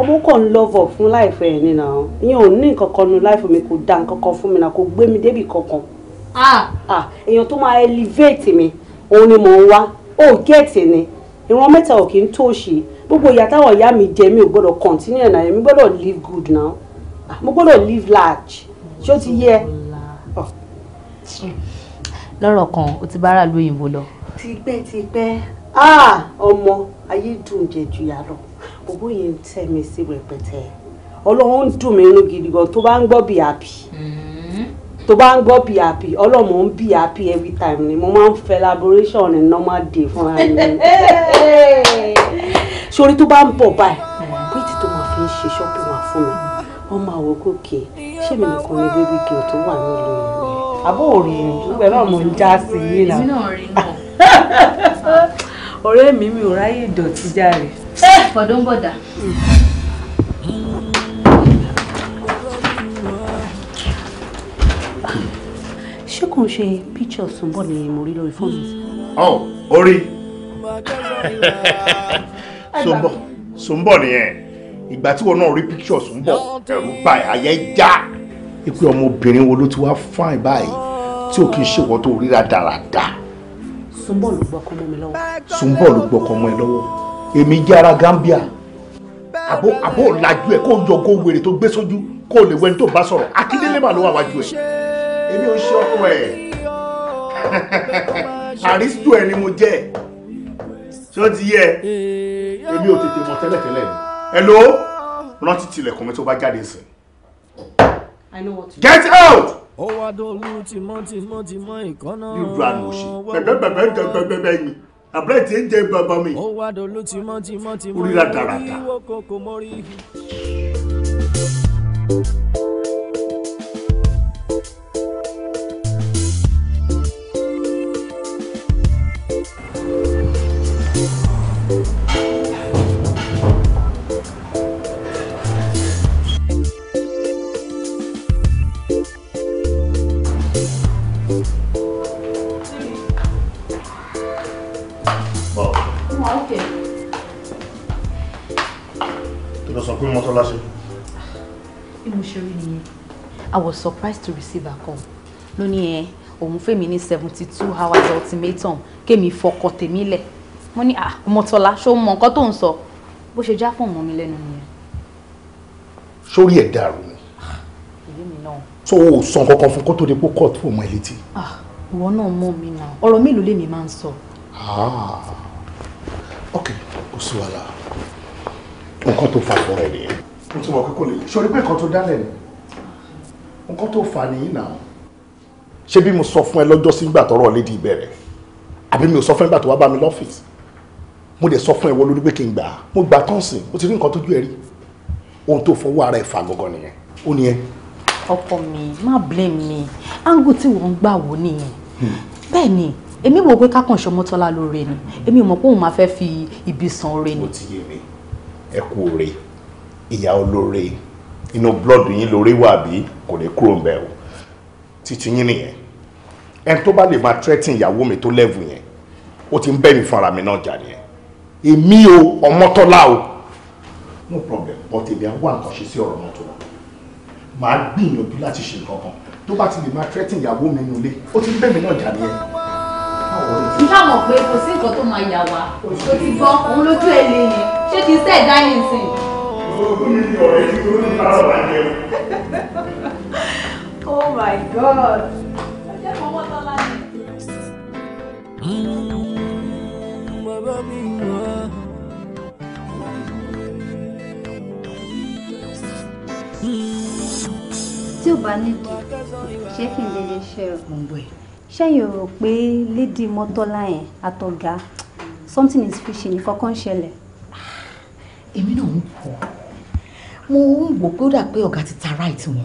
ọmọ kọ̀ ń lọ́vọ̀ fún láìfẹ́ ẹ̀ nínú àwọn ìyẹn ò ní nǹkan kan nu láìfẹ́ mi kò dá nǹkan kan fún mi náà kò gbé mi débì kankan ah! Ah, èèyàn tó máa elevate mi òun ni mò ń wá ó gẹ̀ẹ́tì ni ìran mẹ́ta ò kí ń tòṣì gbogbo ìyá táwọn ìyá mi jẹ mi ò gbọ́dọ̀ continue náà mi gbọ́dọ̀ live good now ah, mo gbọ́dọ̀ live large ṣé ó ti yẹ. lọ́rọ̀ kan o ti bára lu òyìnbó lọ. tipẹ́tipẹ́ ọmọ ayé dùn jẹ ju bòbó yẹn tẹ̀ mí sí rẹpẹtẹ ọlọ́run ń dùn mí inú gidi gan tó bá ń gbọ́ bí àbí tó bá ń gbọ́ bí àbí ọlọ́run ń bí àbí every time ni mo máa ń fẹ́ laboration ní normal day fúnra mi sórí tó bá ń bọ̀ báyìí bíìtì tó máa fi ń ṣe shopping wà fún mi wọ́n máa wọ gòkè ṣé mi nìkan ni baby girl tó wà nílùú yìí àbọ̀ òrì ìdúpẹ́ náà mo ń já sí yìí náà ọ̀rẹ́ mi mi ò ráyè ìdọ̀tí járe ẹ bọ̀dọ̀ ń bọ̀dà. ṣé kò ń ṣe picture Sùnbọ̀ ni mo rí somebody. fóònù. ọ oh, orí Sùnbọ̀ Sùnbọ̀ not ìgbà pictures. Somebody. náà rí picture Sùnbọ̀ ẹ̀rù báyìí ayé já ipe ọmọbìnrin wo ló ti wá fáìn báyìí tí what kì í ṣèwọ́ that ríra dáradára. Somebody ló gbọ́kọ́ mọ́ mi lọ́wọ́. Sùnbọ̀ ló gbọ́kọ́ mọ́ mi lọ́wọ́ èmi jẹ́ ara Gambia àbó àbó làjú ẹ̀ kó yọ kó wèrè tó gbé sójú kó lè wẹni tó bá sọ̀rọ̀ akíndélé mà ló wà wájú ẹ̀ èmi ò ṣe ọkọ ẹ̀ àrísítò ẹ̀ ni mo jẹ́ ṣé ó ti yẹ èmi ò tètè mọ̀ tẹ́lẹ̀tẹ́lẹ̀ ni ẹ ló rántí tilẹ̀kùn mi tó bá jáde sìn. I know what to do. Get out! Ó wá dolú tìmọ́tìmọ́ tìmọ́ ìkànnà. Ìlú àná òṣì. Bẹ̀bẹ̀ bẹ̀bẹ̀ bẹ̀bẹ̀ bẹ̀yìn àbúrò tí ń jẹ bàbá mi. ó wá dolú tímọ́tímọ́ tí mo rí pé mọ́tọ́láṣẹ́. bí mo ṣe rí nìyẹn I was surprised to receive her call lónìí ẹ òun fèmí ní seventy two hours ultimatum kémi fọkọ tèmi lẹ̀ mo ní ah motola ṣó mọ nǹkan tó ń sọ bó ṣe já fún ọmọ mi lẹ́nu nìyẹn. sórí ẹ̀ dàrú ni. èyí ah, mi náà. tó o sàn kankan fún kó tó de kó court fún ọmọ ẹ létí. Ah, ìwọ náà mọ̀ mi náà ọ̀rọ̀ mélòó lèmi máa ń sọ. Ah, ok kò sí wàhálà nǹkan tó fà fún rẹ nìyẹn. mo ti mọ̀ pé kò lè sori pé nǹkan tó dálẹ̀ ni nǹkan tó fà nìyí náà. ṣé bí mo sọ fún ẹ lọ́jọ́ sí ìgbà tọrọ lédi ìbẹ̀rẹ̀ àbí mi ò sọ fún ìgbà tó wá bá mi lọ́fíìsì mo dẹ̀ sọ fún ẹ wọ lórí pé kí n gbà á mo gbà tán sìn o ti rí nǹkan tójú ẹ rí ohun tó fọwọ́ ara ẹ fà gangan nìyẹn ó nìyẹn. ọkọ mi má blame mi angu tí wọn ń gbà wò nìyẹn bẹ́ẹ̀ ni èmi wò pé kákànṣe ọmọtọ́lá lóore ni èmi ò mọ̀ pé òun máa fẹ́ fi ibi san oore ni. ó ti yé mi ẹ kú òre ìyá olóore inú blood yín lórí wà bí kò ní kúrò ń bẹ̀ o títí yín nìyẹn ẹni tó bá lè máa threaten ìyàwó mi tó lẹ́vù yẹn ó ti ń bẹ́ mi fúnra mi náà jà nìyẹn èmi o ọmọtọ́lá o no problem but èmi á wá nǹkan ṣe sí ọ̀rọ̀ mọ́tò náà màá gbìyànjú láti ṣe nǹkan kan tó bá ti lè máa threaten ìyàwó mi nulẹ̀ ó ti ń bẹ́ mi náà jà nìyẹn. ìyá mọ̀ pé kò sí nǹkan tó máa yà wá kò ti gbọ́ òun lójú ẹ̀ lè yẹn ṣé kì í sẹ́ ẹ̀dá yìí oh my god ọjọ́ kan wọ́n tán láti. bàbá mi wá. tí ò bá nídìí ṣé kí n lè lè ṣe ọ̀gbọ̀n ṣẹ́yìn rò pé lédi mọ́tọ́lá yẹn àtọ̀gá something is fishy nìkan kan ṣẹlẹ̀ èmi náà ń kọ́ mo ń wò pé ó dà pé ọ̀gá ti ta right wọn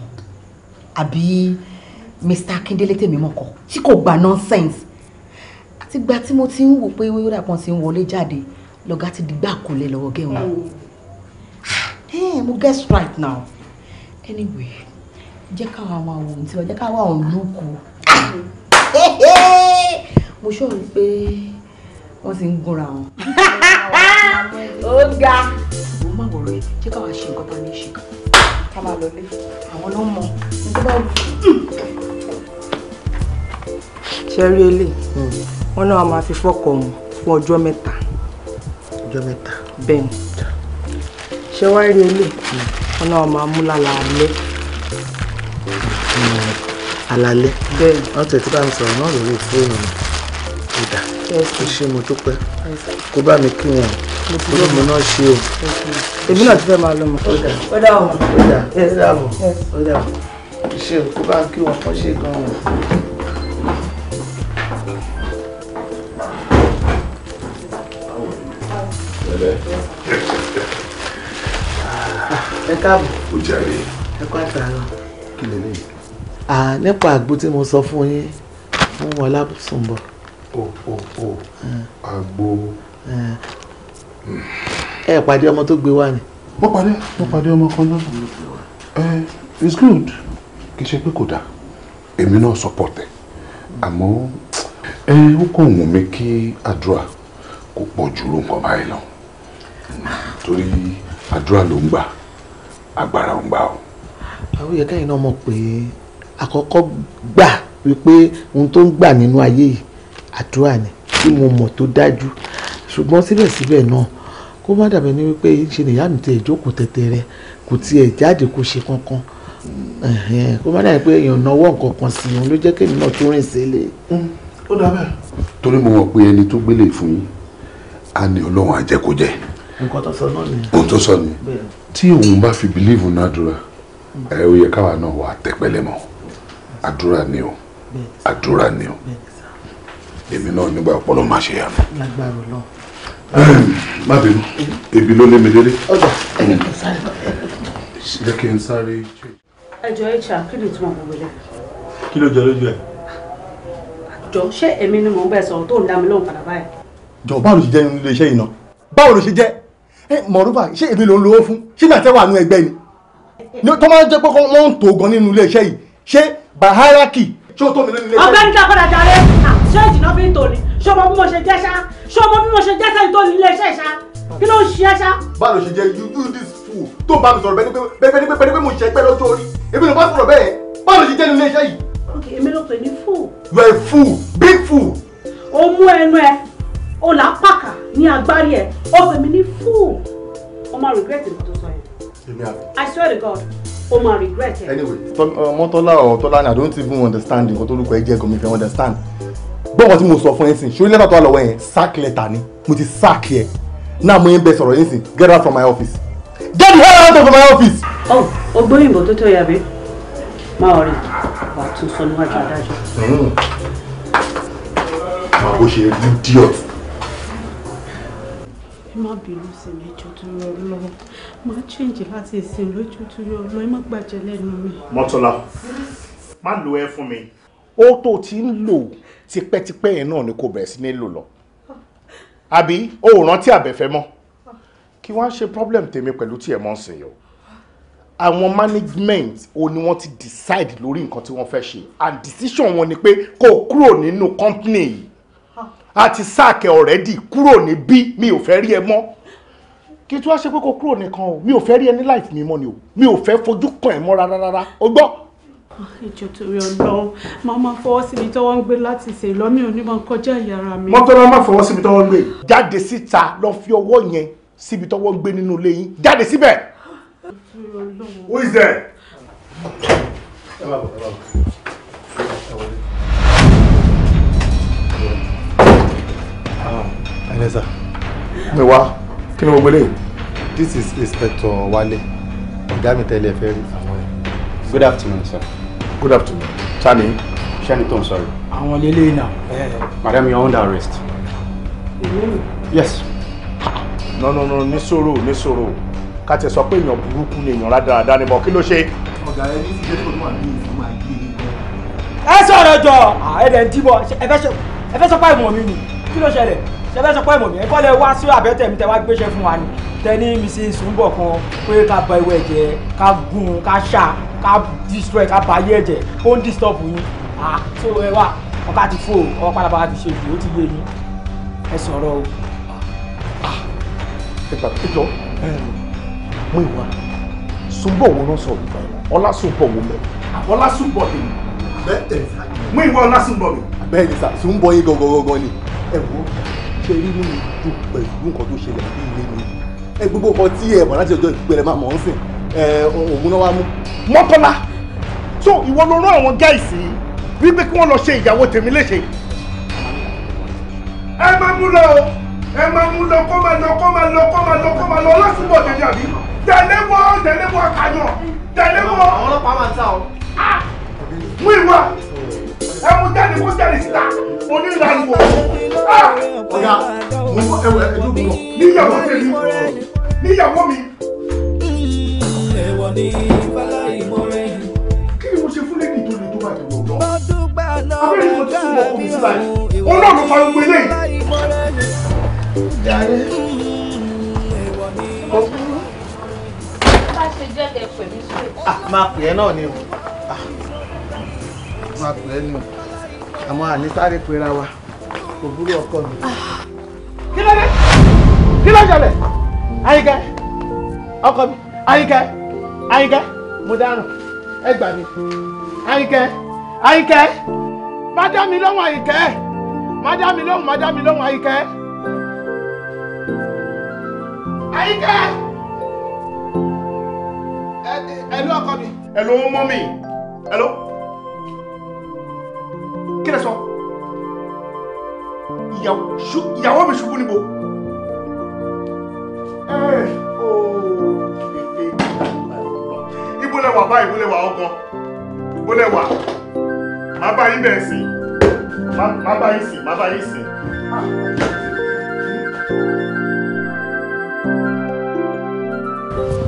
àbí Mr. Akíndélé tèmi mọ̀ tí kò gba nonsense àtìgbà tí mo ti ń wò pé wíwúrà kan ti ń wọlé jáde lọ́gá ti di gbàkulẹ̀ lọ́wọ́ gẹ̀wọ̀n hmm. eh, mo guess right now anyway jẹ́ káwọn àwọn àwọn ohun tí wọ́n jẹ́ káwọn àwọn lùkù mo ṣọ́ọ̀rọ̀ pé wọ́n ti ń gúnra wọn. ó ga wò rẹ jẹ́ ká wá ṣe nǹkan tá a ní ṣe ká máa lọ lé àwọn ló mọ nígbà bá wù. ṣe rí ilé wọn náà máa fi fọkọ mu fún ọjọ́ mẹ́ta. ọjọ́ mẹ́ta. bẹ́ẹ̀ ṣe wá rí ilé wọn náà máa mú lálẹ́ alẹ́. alalẹ́ bẹ́ẹ̀ wọ́n tẹ̀ tí bá ń sọ̀rọ̀ náà lórí fóònù mi ìdá ó ṣe mo dúpẹ́ kó bá mi kí wọn mo ti lọ mọ náà ṣe o èmi náà ti fẹ́ máa lọ mọ. ó dà ó dà ó dà ó dà ṣe kó bá kí wọn kọ́ ṣe gan-an. ẹ káàbọ̀ ó jàre ẹ kó àtàrà kí lè lè. nípa àgbo tí mo sọ fún yín mo wọ alábùsùn bọ̀. o o o àgbo ẹ pàdé ọmọ tó gbé wá ni. mo pàdé mo pàdé ọmọ kan náà ẹ is good kì í ṣe pé kò dáa èmi náà support ẹ àmọ́ ẹ ó kàn wù mí kí àdúrà kó pọ̀ jù ló nǹkan báyìí lọ torí àdúrà ló ń gbà agbára ń gbà o. àwọn yẹ káyìn náà mọ̀ pé àkọ́kọ́ gbà wípé ohun tó ń gbà nínú ayé yìí àdúrà ni tí mo mọ̀ tó dájú ṣùgbọ́n síbẹ̀síbẹ̀ náà kó má dàbí ni wípé ṣe nìyá mi tiẹ̀ jókòó tẹ̀tẹ̀ rẹ kò tiẹ̀ jáde kó ṣe kankan kó má dàbí pé èèyàn náwó nǹkan kan sí òun ló jẹ́ kéèmí náà tó rìn sílẹ̀. Hmm, ó dà torí mo mọ̀ pé ẹni tó gbélé fún yín á ní ọlọ́run àjẹkójẹ. nǹkan tó sọ náà nìyẹn. ohun tó sọ ni tí òun bá fi bìlíìfù náà dúrà ẹ ó yẹ káwa náà wà tẹpẹlẹ mọ́ àdúrà ni o àdúrà ni o èmi náà nígbà ọpọlọ máa ṣe yàrá. lágbára Ọlọ́run má bínú ebi ló lé mi léré. jẹ́ kí n sáré. ẹjọ́ ìṣà kí ni ìtumọ̀ gbogbo rẹ̀. kí ló jọ lójú ẹ̀. jọ ṣé èmi ni mò ń bẹ̀ sọ̀rọ̀ tó ń dá mi lóhùn padà báyìí. jọ báwo ló ṣe jẹ́ nínú ilé iṣẹ́ yìí náà báwo ló ṣe jẹ́ mọ̀rúbà ṣé èmi ló ń lówó fún ṣé mi àtẹ́wà nú ẹgbẹ́ ni tó máa ń jẹ́ pé wọ́n ń tó gan nínú ilé iṣẹ́ yìí ṣé bàháràkì ṣé ó tó mi nínú ilé iṣẹ́ yìí. ọgbẹ́ni dákọ̀dá jàre ṣé ìjìnà bí ń tò ní ṣé ṣé ọmọ bí mo ṣe jẹ́ sẹ́yìn tó ní ilé iṣẹ́ ìṣá kí ló ń ṣe ẹ́ ṣá. báwo ṣe jẹ you do this fool tó bá mi sọ̀rọ̀ bẹ́ẹ̀ ni pé bẹ́ẹ̀ ni mo ṣe pẹ́ lọ́jọ́ orí èmi ló bá sọ̀rọ̀ bẹ́ẹ̀ báwo ṣe jẹ́ ní ilé iṣẹ́ yìí. ok èmi ló pè ní fool. you are a fool big fool. o mú ẹnu ẹ o là pàkà ní agbárí ẹ o pè mí ní fool o máa regret nǹkan tó sọ yẹn. èmi àbí. I swear to God o máa regret ẹ. anyway mọ́tọ́lá ọ̀ tọ́lá ni I don't even understand nǹkan tó lùkọ́ ẹ jẹ́ gan mi fẹ́ understand gbọ́ǹkan tí mo sọ fún ẹ sìn ṣó lẹ́tà tó wà lọ́wọ́ yẹn sack letter ni mo ti sack yẹ náà mo yẹn bẹ sọ̀rọ̀ yẹn get out from my office get the hell out of my office. ọ ogbóyìnbó tó tó yàbí máa rí wàá tún sọ níwájú adájọ́. máa hmm. bó ṣe rí idiot. ẹ má bínú sí mi ẹjọ́ tó yọ lọ́wọ́ máa change láti ìsìn lójú tó yọ lọ ẹ má gbàjẹ́ lẹ́nu mi. mọ́tọ́lá má lo ẹ fún mi ó tó ti ń lò tipẹ́tipẹ́ yẹn náà ni kò bẹ̀rẹ̀ sí ní lò lọ àbí o ò rántí àbẹ̀fẹ́ mọ́ kí wọ́n á ṣe problem tèmi pẹ̀lú tiẹ̀ mọ́ sí i àwọn management o ni wọ́n ti decide lórí nǹkan tí wọ́n fẹ́ ṣe and decision wọn ni pé kó o kúrò nínú company yìí a ti sack already kúrò níbí mi ò fẹ́ rí ẹ mọ́ kí tí wọ́n ṣe pé kó o kúrò nìkan o mi ò fẹ́ rí ẹ ní life mi mọ́ ni o mi ò fẹ́ fojú kan ẹ̀ mọ́ rárá rárá o gbọ́. Ah, ìjọ torí Ọlọ́run máa máa fọwọ́ síbi tọ́wọ́ ń gbé láti ṣe ìlọ́mí onímọ̀ kọjá ìyára mi. mọ́tò náà máa fọwọ́ síbi tọ́wọ́ ń gbé. jáde síta lọ fi ọwọ́ yẹn síbi tọ́wọ́ ń gbé nínú ilé yín jáde síbẹ̀. Who is there? ẹ bá bọ̀ ẹ bá bọ̀. Ẹlẹ́sà. Mi wá, kí ni mo gbélé? This is Inspector Wale. Ọ̀gá mi tẹ́lẹ̀ fẹ́ rí àwọn ẹ̀. Good afternoon, sir good afternoon. Tani. Shani Tom, sorry. Àwọn lélẹ̀ now. Eh, madam, you are under arrest. Yes. No, no, no, ní sọ̀rọ̀, ní sọ̀rọ̀. Ká tiẹ̀ sọ pé èèyàn burúkú ni èèyàn rádaràda ni bọ̀ kí ló ṣe? Ọ̀gá ẹni tí ìjọba tó wà ní ìlú máa yé e. Ẹ sọ̀rọ̀ jọ! Ẹ̀dẹ̀ ń díbọ̀, ẹ fẹ́ sọ pé ìmọ̀ mi ni. Kí ló ṣẹlẹ̀? Ṣé ẹ fẹ́ sọ pé ìmọ̀ mi? Ẹ kọ́ lẹ wá sí àbẹ́tẹ̀ mi tẹ wá gbéṣẹ́ fún wa ni tẹ́ni mrs Sùnbọ̀kan pé ká ba ìwé ẹ̀jẹ̀ ká gún ká ṣá ká destroy ká ba ayé ẹ̀jẹ̀ kó ń disturb yín ah so ẹ wà ọkà ti fò ọwọ́ pálábá ti ṣe jù ó ti yé yín ẹ sọ̀rọ̀ o. ẹgbà péjọ mú ìwà Sùnbọ̀ wo ló sọ ìgbà yẹn Ọlásùnbọ̀ wo mẹ. Ọlásùnbọ̀ lè bẹ́ẹ̀ mú ìwà Ọlásùnbọ̀ mi. bẹ́ẹ̀ ni sà Sùnbọ̀ yín gangan gangan ni ẹ wo ṣe rí nínú ìjọ pẹ̀lú nǹkan tó ṣẹlẹ̀ bí ilé ẹ gbogbo nǹkan tí ẹ mọ̀ láti ọjọ́ ìpínlẹ̀ máa mọ̀ ọ́n sìn ẹ òun náà wá mú. mọ́kànlá so ìwọ ló rán àwọn gáìsì yìí wípé kí wọ́n lọ ṣe ìyàwó tèmi léṣe. ẹ máa mú lọ ẹ máa mú lọ kó máa lọ kó máa lọ kó máa lọ kó máa lọ lọ́sùnbọ̀ tẹ̀lé àbí tẹ̀lé wọ́n tẹ̀lé wọ́n kàyọ̀ tẹ̀lé wọ́n. àwọn ọlọ́pàá máa ń sá o. Ah! mú ìwà ẹ mú jáde kó jáde síta mo ní ìlànà wò ah! ọ̀gá mo ẹwẹ ẹdúró lọ níyàwó tèmi níyàwó mi. ẹ̀wọ̀n ni bàlá ìmọ̀rẹ́ yìí. kí ni mo ṣe fún lẹ́yìn tó lè tó bàjẹ́ wọ̀ lọ. abẹ́rẹ́ ìmọ̀ tó sùn wọ̀ kó mi sí báyìí. òun náà ló fa gbogbo eléyìí. jẹ́ kẹ́ pẹ̀lú sùn. Ah, máa pè é náà ni o. Ah máa pè é o àmọ́ àní sáré pera wa kò búrú ọkọ mi. kí ló dé kí ló ṣẹlẹ̀ àyíkẹ́ ọkọ mi àyíkẹ́ àyíkẹ́ mo dáràn ẹ gbà mí àyíkẹ́ àyíkẹ́ má dá mi lóhùn àyíkẹ́ má dá mi lóhùn má ẹ ẹ ló ọkọ mi. ẹ ló mọ́ mi ẹ ló kí lẹ sọ ìyàwó mi ṣubú níbo. ibo lẹwà báyìí ibo lẹwà ọgọ ibo lẹwà má bá yín bẹ́ẹ̀ sí má bá yín sí má bá yín sí.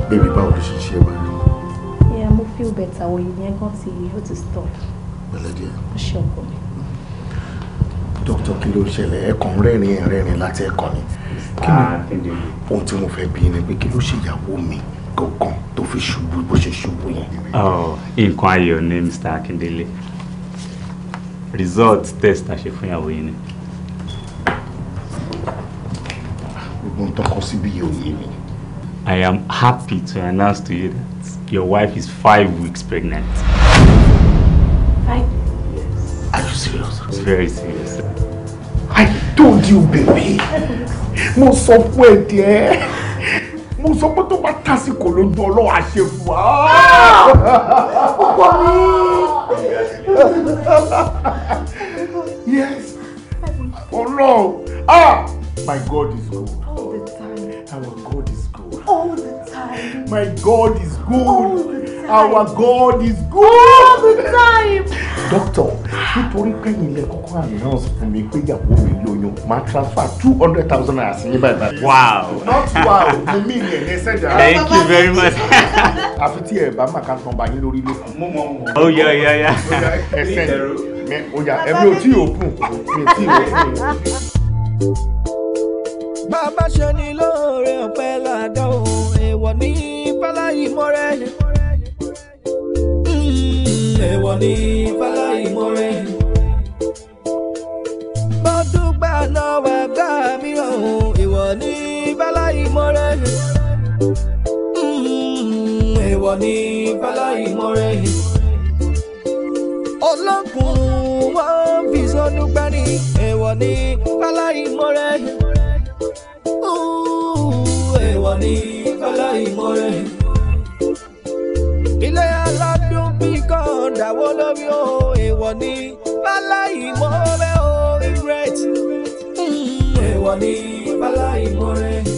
bébí báwo ló ṣe ṣe wá. yeah mo feel better oyin yẹn gan ti yóò ti stop pẹ̀lẹ́ díẹ̀. ó dókítà kí ló ṣẹlẹ̀ ẹ̀kan rẹ́rìn rẹ́rìn láti ẹ̀kan ni kí ni ah, ohun tí mo fẹ́ bí ni pé kí ló ṣe mi gangan tó fi ṣubú bó ṣe ṣubú yẹn. Oh, nǹkan ayọ̀ ni Mr. Akindele result test a ṣe fún ìyàwó yìí ni. gbogbo ń tọkọ síbi yé mi. I am happy to announce to you that your wife is five weeks pregnant. very serious. I told you, baby. Mo sọ fún ẹ díẹ̀. Mo sọ ba tasi bá tásìkò lójú ọlọ́wọ́ àṣẹ fún wa. Ọkọ mi. Yes. Ọlọ́run. Ah! My God is good. All the time. Our God is good. All the time. My God is good. All the time. Our God is good. All the time. Doctor nítorí pé yín kọ́kọ́ announce fún mi pé ìyàwó mi lóyún máa transfer two hundred thousand naira sí yín báyìí báyìí. wow not wow mo mí ìyẹn ní sẹ́jà. thank you very much. àfi tí ẹ bá máa ká tán bá yín lórí lókun. mo mọ mo. Oh, ó yá yá yá. ẹsẹ̀ mi ó ẹ̀mí ò tí ì òkun mi tí ì òkun. bàbá ṣe ni lóore ọ̀pẹ làdá òun èèwọ̀ ní fáláyì mọ́rẹ́ ni èèwọ̀ ní fáláìmọ́re. mo dúpẹ́ lọ́wọ́ ẹ̀gá mi ọ̀hún èèwọ̀ ní fáláìmọ́re. èèwọ̀ mm-hmm, ní fáláìmọ́re. olókùnrin wọn fi sọdúpẹ́ ní èèwọ̀ ní fáláìmọ́re. èèwọ̀ ní fáláìmọ́re. dáwọ́ lórí o èèwọ̀ ni bálá ìmọ̀ọ́rẹ́ o regret hmm, èèwọ̀ ni bálá ìmọ̀ọ́rẹ́.